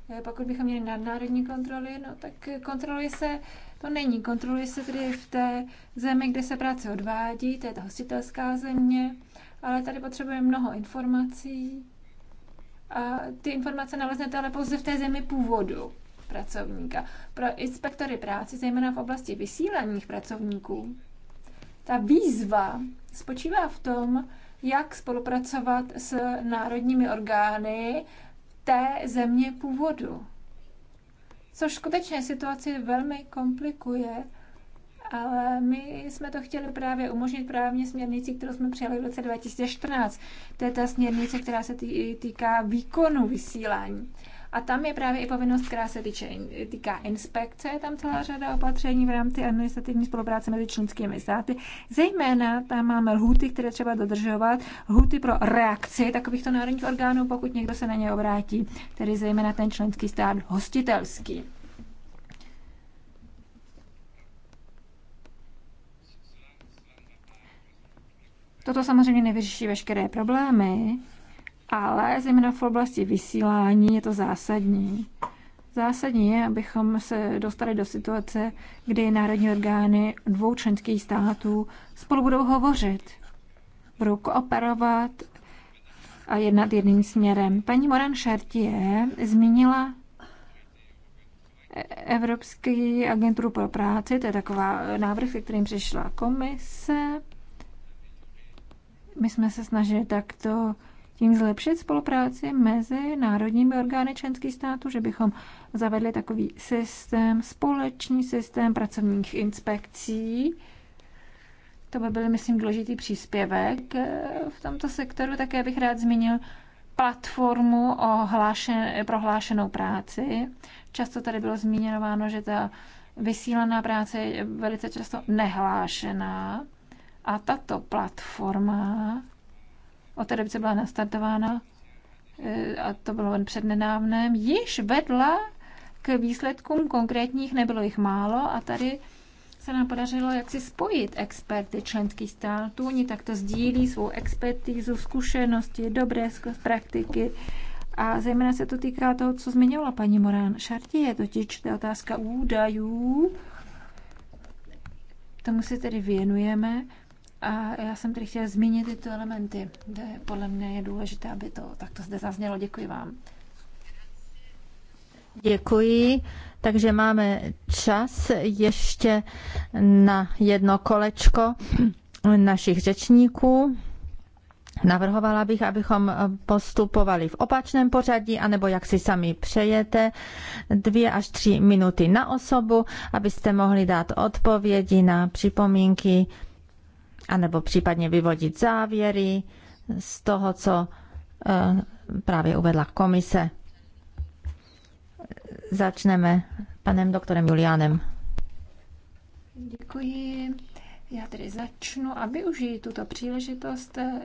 Eh, pokud bychom měli nadnárodní kontroly, no tak kontroluje se, to není, kontroluje se tedy v té zemi, kde se práce odvádí, to je ta hostitelská země, ale tady potřebujeme mnoho informací, a ty informace naleznete ale pouze v té zemi původu pracovníka. Pro inspektory práce, zejména v oblasti vysílaných pracovníků, ta výzva spočívá v tom, jak spolupracovat s národními orgány té země původu. Což skutečně situaci velmi komplikuje ale my jsme to chtěli právě umožnit právě směrnici, kterou jsme přijali v roce 2014. To je ta směrnice, která se tý, týká výkonu vysílání. A tam je právě i povinnost, která se týče, týká inspekce. Je tam celá řada opatření v rámci administrativní spolupráce mezi členskými státy. Zejména tam máme lhuty, které třeba dodržovat, lhuty pro reakci takovýchto národních orgánů, pokud někdo se na ně obrátí, tedy zejména ten členský stát hostitelský. Toto samozřejmě nevyřeší veškeré problémy, ale zejména v oblasti vysílání je to zásadní. Zásadní je, abychom se dostali do situace, kdy národní orgány dvou členských států spolu budou hovořit, budou kooperovat a jednat jedným směrem. Paní Moran Chartier zmínila Evropský agenturu pro práci, to je taková návrh, se kterým přišla komise. My jsme se snažili takto tím zlepšit spolupráci mezi národními orgány členských států, že bychom zavedli takový systém, společný systém pracovních inspekcí. To by byl, myslím, důležitý příspěvek eh, v tomto sektoru. Také bych rád zmínil platformu o hlášen, prohlášenou práci. Často tady bylo zmíněno, že ta vysílaná práce je velice často nehlášená. A tato platforma od té doby, co byla nastartována, e, a to bylo před nedávném, již vedla k výsledkům konkrétních, nebylo jich málo a tady se nám podařilo jaksi spojit experty členských států. Oni takto sdílí svou expertízu, zkušenosti, dobré praktiky. A zejména se to týká toho, co zmiňovala paní Morán Šartě, totiž ta otázka údajů. Tomu se tedy věnujeme a já jsem tady chtěla zmínit tyto elementy, kde podle mě je důležité, aby to takto zde zaznělo. Děkuji vám. Děkuji. Takže máme čas ještě na jedno kolečko našich řečníků. Navrhovala bych, abychom postupovali v opačném pořadí, anebo jak si sami přejete, dvě až tři minuty na osobu, abyste mohli dát odpovědi na připomínky anebo případně vyvodit závěry z toho, co eh, právě uvedla komise. Začneme panem doktorem Julianem. Děkuji. Já tedy začnu a využiji tuto příležitost eh,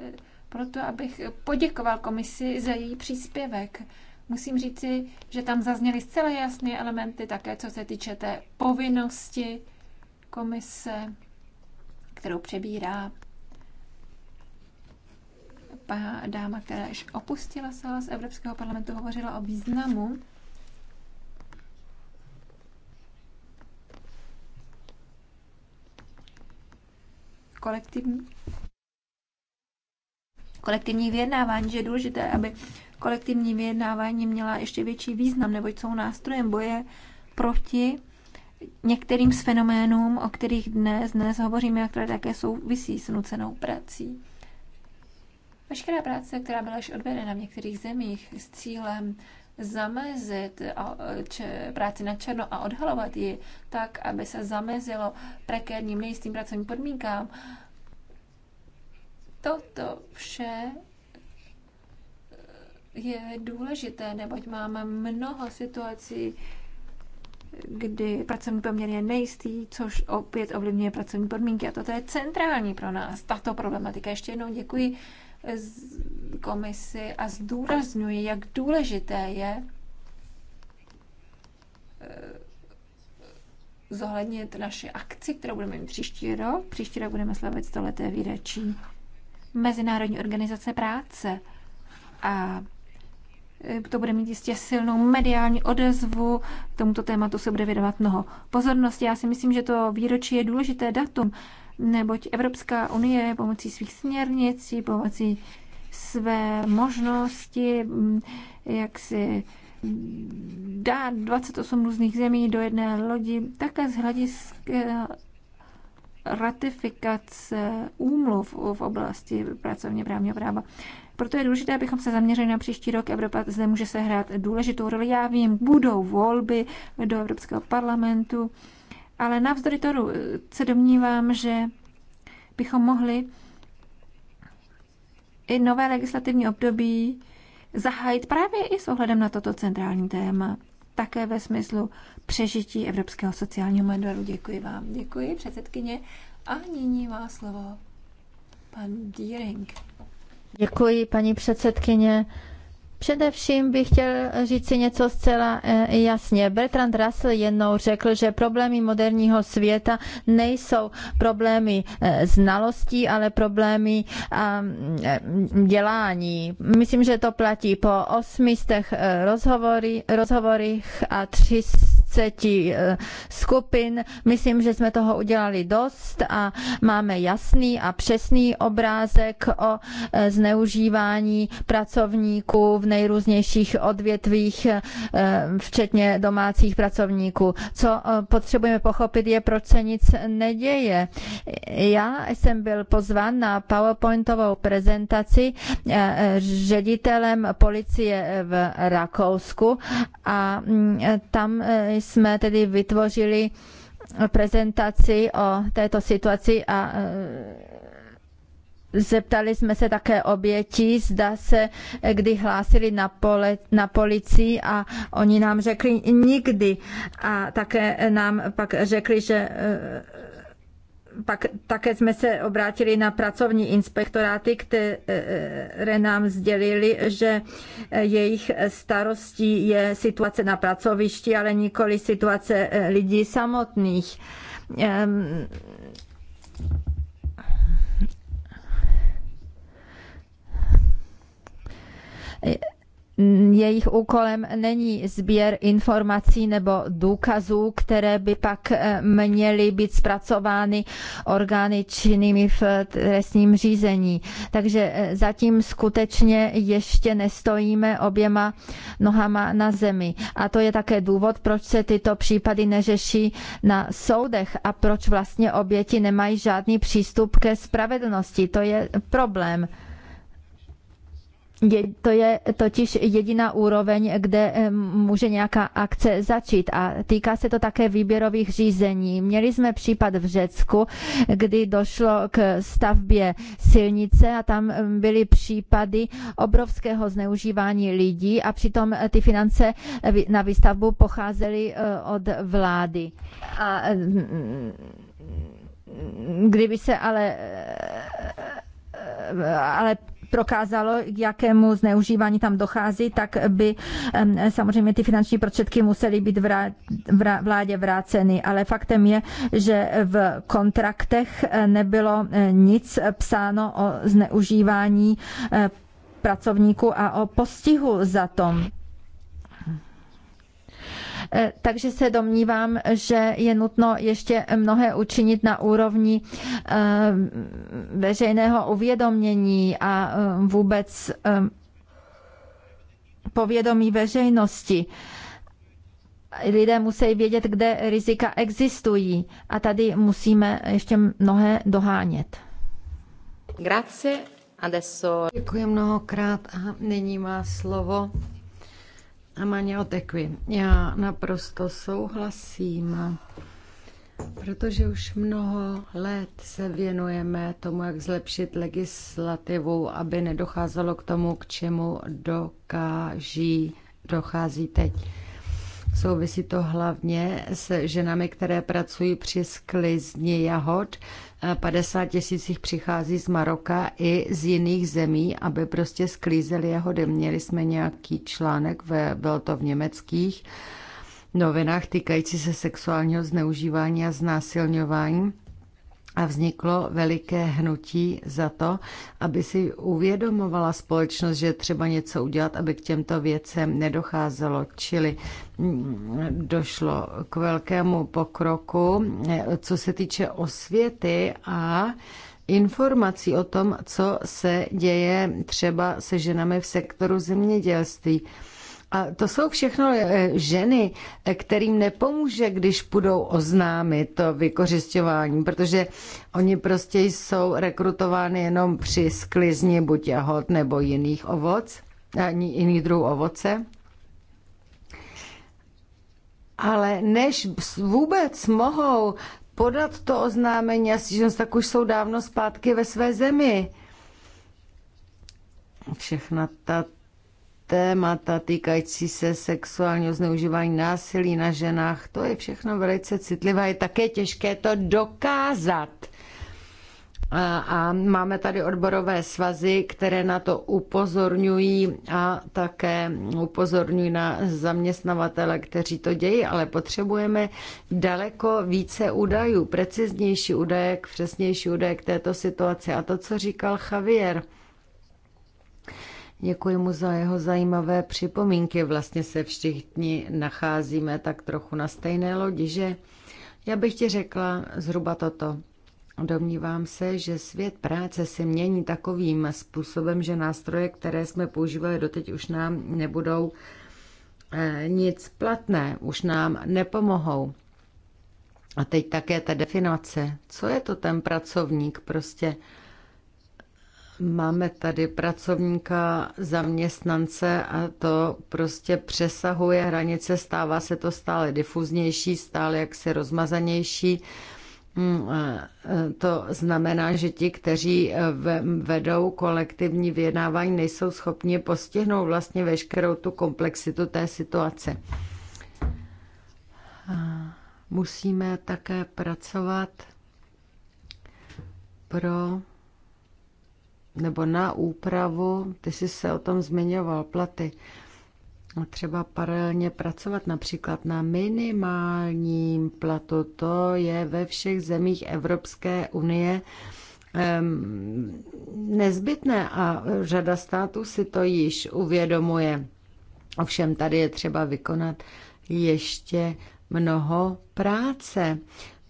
proto, abych poděkoval komisi za její příspěvek. Musím říci, že tam zazněly zcela jasné elementy, také co se týče té povinnosti komise kterou přebírá dáma, která již opustila sál z Evropského parlamentu, hovořila o významu kolektivní kolektivní vyjednávání, že je důležité, aby kolektivní vyjednávání měla ještě větší význam, neboť jsou nástrojem boje proti některým z fenoménům, o kterých dnes, dnes hovoříme a které také souvisí s nucenou prací. Veškerá práce, která byla již odvedena v některých zemích s cílem zamezit práci na černo a odhalovat ji tak, aby se zamezilo prekérním nejistým pracovním podmínkám. Toto vše je důležité, neboť máme mnoho situací, kdy pracovní poměr je nejistý, což opět ovlivňuje pracovní podmínky. A toto je centrální pro nás, tato problematika. Ještě jednou děkuji komisi a zdůrazňuji, jak důležité je eh, zohlednit naše akci, kterou budeme mít příští rok. Příští rok budeme slavit stoleté výročí Mezinárodní organizace práce. A Eh, to bude mít jistě silnou mediální odezvu, tomuto tématu se bude věnovat mnoho pozornosti. Já si myslím, že to výročí je důležité datum, neboť Evropská unie pomocí svých směrnic, pomocí své možnosti, mm, jak si dá 28 různých zemí do jedné lodi, také z hlediska ratifikace úmluv v oblasti pracovně právního práva. Proto je důležité, abychom se zaměřili na příští rok. Evropa zde může se hrát důležitou roli. Já vím, budou volby do Evropského parlamentu, ale navzdory toho eh, se domnívám, že bychom mohli i nové legislativní období zahájit právě i s ohledem na toto centrální téma. Také ve smyslu přežití evropského sociálního modelu. Děkuji vám. Děkuji, předsedkyně. A nyní má slovo pan Díring. Děkuji, paní předsedkyně. Především bych chtěl říci něco zcela eh, jasně. Bertrand Russell jednou řekl, že problémy moderního světa nejsou problémy eh, znalostí, ale problémy ehm, eh, dělání. Myslím, že to platí po 800 rozhovory, rozhovorech a 300 30 eh, skupin. Myslím, že jsme toho udělali dost a máme jasný a přesný obrázek o eh, zneužívání pracovníků v nejrůznějších odvětvích, eh, včetně domácích pracovníků. Co potřebujeme pochopit je, proč se nic neděje. Já jsem byl pozván na PowerPointovou prezentaci ředitelem policie v Rakousku a mm, tam my jsme tedy vytvořili prezentaci o této situaci a e, Zeptali jsme se také obětí, zda se e, kdy hlásili na, pole, na policii a oni nám řekli nikdy. A také nám pak řekli, že e, pak také jsme se obrátili na pracovní inspektoráty, které nám sdělili, že jejich starostí je situace na pracovišti, ale nikoli situace lidí samotných jejich úkolem není sběr informací nebo důkazů, které by pak eh, měly být zpracovány orgány činnými v trestním řízení. Takže eh, zatím skutečně ještě nestojíme oběma nohama na zemi. A to je také důvod, proč se tyto případy neřeší na soudech a proč vlastně oběti nemají žádný přístup ke spravedlnosti. To je problém. Je, to je totiž jediná úroveň, kde eh, může nějaká akce začít a týká se to také výběrových řízení. Měli jsme případ v Řecku, kdy došlo k stavbě silnice a tam eh, byly případy obrovského zneužívání lidí a přitom eh, ty finance na výstavbu pocházely od vlády. A kdyby se ale ale prokázalo, k jakému zneužívání tam dochází, tak by samozřejmě ty finanční prostředky musely být vládě vráceny. Ale faktem je, že v kontraktech eh, nebylo eh, nic psáno o zneužívání eh, pracovníků a o postihu za tom. Eh, takže se domnívám, že je nutno ještě mnohé učinit na úrovni eh, veřejného uvědomění a eh, vůbec povědomí veřejnosti. Lidé musí vědět, kde rizika existují a tady musíme ještě mnohé dohánět. Grazie. Adesso... Děkuji mnohokrát a nyní má slovo Maně Otekvi. Já naprosto souhlasím, protože už mnoho let se věnujeme tomu, jak zlepšit legislativu, aby nedocházelo k tomu, k čemu dokáží, dochází teď. Souvisí to hlavně s ženami, které pracují při sklizni jahod. 50 tisících přichází z Maroka i z jiných zemí, aby prostě sklízeli jahody. Měli jsme nějaký článek, ve, byl to v německých novinách týkající se sexuálního zneužívání a znásilňování a vzniklo veliké hnutí za to, aby si uvědomovala společnost, že třeba něco udělat, aby k těmto věcem nedocházelo. Čili mm, došlo k velkému pokroku, eh, co se týče osvěty a informací o tom, co se děje třeba se ženami v sektoru zemědělství. A to jsou všechno eh, ženy, eh, kterým nepomůže, když půjdou oznámit to vykořišťování, protože oni prostě jsou rekrutovány jenom při sklizni buď jahod nebo jiných ovoc, jiných druhů ovoce. Ale než vůbec mohou podat to oznámení a stížnost, tak už jsou dávno zpátky ve své zemi. Všechna ta témata týkající se sexuálního zneužívání násilí na ženách, to je všechno velice citlivé. Je také těžké to dokázat. A, a máme tady odborové svazy, které na to upozorňují a také upozorňují na zaměstnavatele, kteří to dějí, ale potřebujeme daleko více údajů, preciznější údaje, přesnější údaje k této situaci. A to, co říkal Javier, Děkuji mu za jeho zajímavé připomínky. Vlastně se všichni nacházíme tak trochu na stejné lodi, že já bych ti řekla zhruba toto. Domnívám se, že svět práce se mění takovým způsobem, že nástroje, které jsme používali doteď, už nám nebudou eh, nic platné, už nám nepomohou. A teď také ta definace. Co je to ten pracovník prostě? Máme tady pracovníka, zaměstnance a to prostě přesahuje hranice, stává se to stále difuznější, stále jaksi rozmazanější. Mm, e, to znamená, že ti, kteří e, vedou kolektivní vyjednávání, nejsou schopni postihnout vlastně veškerou tu komplexitu té situace. Musíme také pracovat pro nebo na úpravu, ty jsi se o tom zmiňoval, platy. Třeba paralelně pracovat například na minimálním platu, to je ve všech zemích Evropské unie nezbytné a řada států si to již uvědomuje. Ovšem tady je třeba vykonat ještě mnoho práce.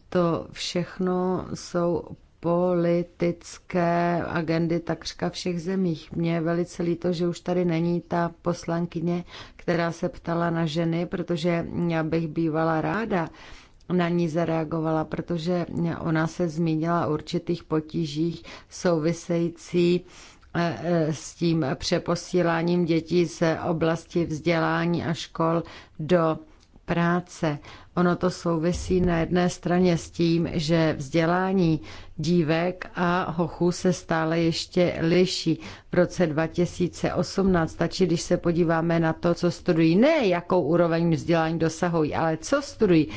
To všechno jsou politické agendy takřka všech zemích. Mně je velice líto, že už tady není ta poslankyně, která se ptala na ženy, protože já bych bývala ráda na ní zareagovala, protože ona se zmínila o určitých potížích související eh, eh, s tím přeposíláním dětí z oblasti vzdělání a škol do práce. Ono to souvisí na jedné straně s tím, že vzdělání dívek a hochů se stále ještě liší. V roce 2018 stačí, když se podíváme na to, co studují. Ne jakou úroveň vzdělání dosahují, ale co studují.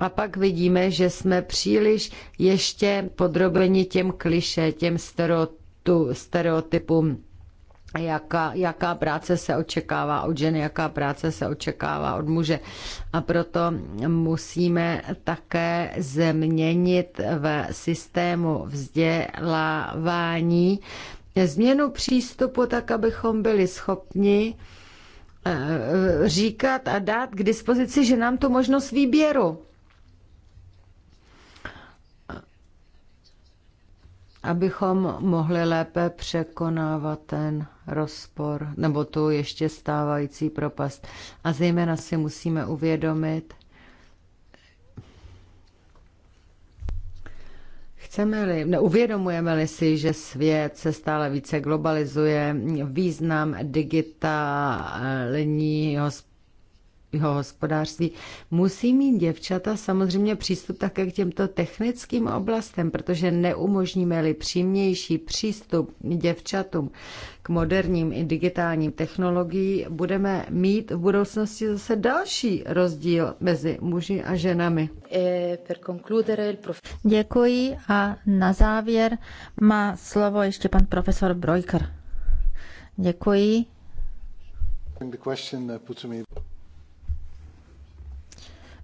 A pak vidíme, že jsme příliš ještě podrobeni těm kliše, těm stereotypům jaká, jaká práce se očekává od ženy, jaká práce se očekává od muže. A proto musíme také změnit v systému vzdělávání změnu přístupu tak, abychom byli schopni eh, říkat a dát k dispozici, že nám tu možnost výběru. Abychom mohli lépe překonávat ten rozpor, nebo tu ještě stávající propast. A zejména si musíme uvědomit, Chceme-li, neuvědomujeme-li si, že svět se stále více globalizuje, význam digitální společnosti, jeho hospodářství, musí mít děvčata samozřejmě přístup také k těmto technickým oblastem, protože neumožníme-li přímější přístup děvčatům k moderním i digitálním technologiím, budeme mít v budoucnosti zase další rozdíl mezi muži a ženami. Eh, Děkuji a na závěr má slovo ještě pan profesor Brojker. Děkuji.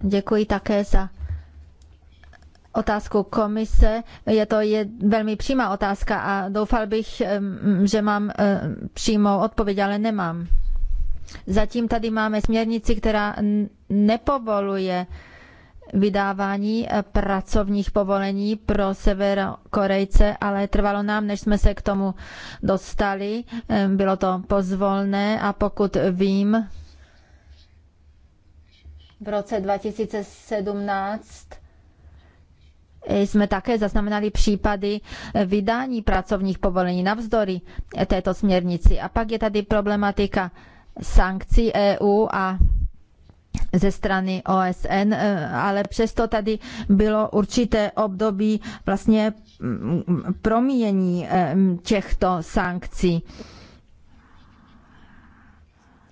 Děkuji také za otázku komise. Je to je velmi přímá otázka a doufal bych, že mám přímou odpověď, ale nemám. Zatím tady máme směrnici, která nepovoluje vydávání eh, pracovních povolení pro Severokorejce, ale trvalo nám, než jsme se k tomu dostali. Bylo to pozvolné a pokud vím, v roce 2017 jsme také zaznamenali případy vydání pracovních povolení navzdory této směrnici. A pak je tady problematika sankcí EU a ze strany OSN, ale přesto tady bylo určité období vlastně mm, promíjení mm, těchto sankcí.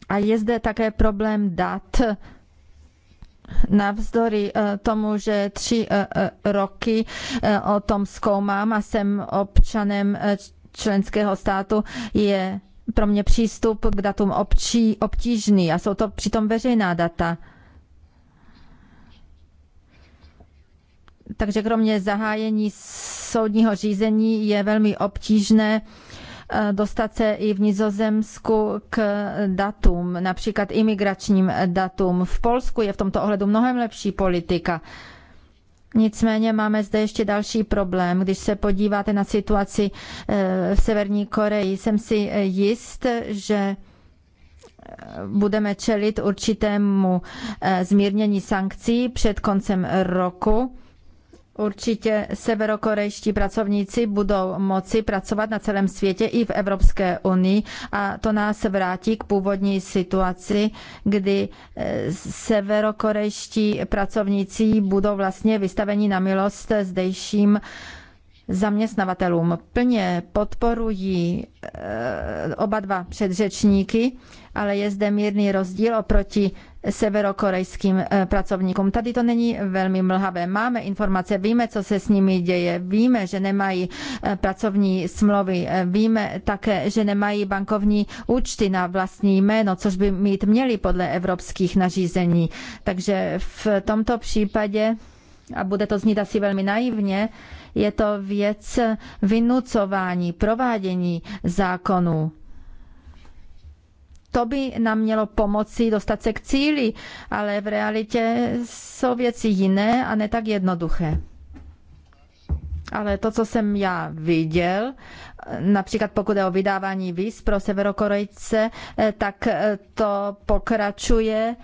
A je zde také problém dat, Navzdory eh, tomu, že tři eh, eh, roky o tom zkoumám a jsem občanem členského státu, je pro mě přístup k datům občí, obtížný a jsou to přitom veřejná data. Takže kromě zahájení soudního řízení je velmi obtížné Eh, dostat se i v Nizozemsku k datům, například imigračním datům. V Polsku je v tomto ohledu mnohem lepší politika. Nicméně máme zde ještě další problém. Když se podíváte na situaci eh, v Severní Koreji, jsem si jist, že eh, budeme čelit určitému zmírnění sankcí před koncem roku Určitě severokorejští pracovníci budou moci pracovat na celém světě i v Evropské unii a to nás vrátí k původní situaci, kdy eh, severokorejští pracovníci budou vlastně vystaveni na milost zdejším zaměstnavatelům. Plně podporují eh, oba dva předřečníky, ale je zde mírný rozdíl oproti severokorejským eh, pracovníkům. Tady to není velmi mlhavé. Máme informace, víme, co se s nimi děje, víme, že nemají eh, pracovní smlouvy, víme také, že nemají bankovní účty na vlastní jméno, což by mít měli podle evropských nařízení. Takže v tomto případě, a bude to znít asi velmi naivně, je to věc vynucování, provádění zákonů. To by nám mělo pomoci dostat se k cíli, ale v realitě jsou věci jiné a ne tak jednoduché. Ale to, co jsem já viděl, například pokud je o vydávání víz pro severokorejce, eh, tak eh, to pokračuje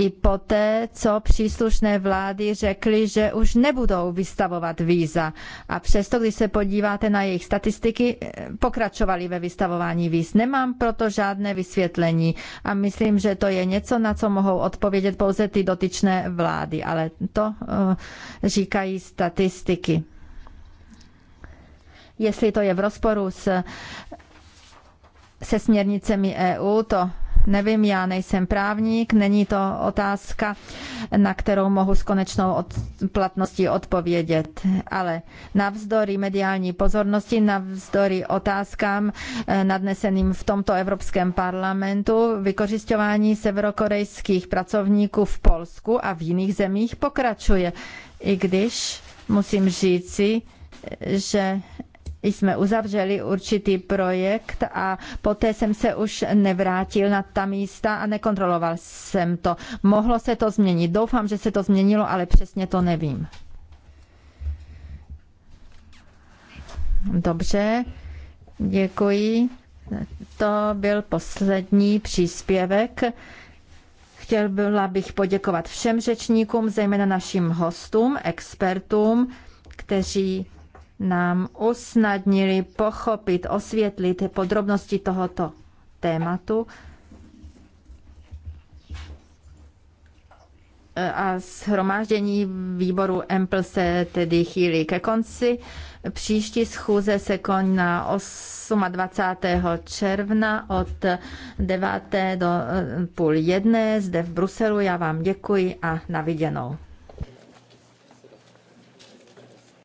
i poté, co příslušné vlády řekly, že už nebudou vystavovat víza. A přesto, když se podíváte na jejich statistiky, eh, pokračovali ve vystavování víz. Nemám proto žádné vysvětlení a myslím, že to je něco, na co mohou odpovědět pouze ty dotyčné vlády, ale to eh, říkají statistiky. Jestli to je v rozporu s se směrnicemi EU, to Nevím, já nejsem právník, není to otázka, na kterou mohu s konečnou od, platností odpovědět. Ale navzdory mediální pozornosti, navzdory otázkám eh, nadneseným v tomto Evropském parlamentu, vykořišťování severokorejských pracovníků v Polsku a v jiných zemích pokračuje. I když musím říci, že jsme uzavřeli určitý projekt a poté jsem se už nevrátil na ta místa a nekontroloval jsem to. Mohlo se to změnit. Doufám, že se to změnilo, ale přesně to nevím. Dobře, děkuji. To byl poslední příspěvek. Chtěla bych poděkovat všem řečníkům, zejména našim hostům, expertům, kteří nám usnadnili pochopit, osvětlit podrobnosti tohoto tématu a shromáždění výboru EMPL se tedy chýlí ke konci. Příští schůze se koná 28. června od 9. do eh, půl jedné zde v Bruselu. Já vám děkuji a naviděnou.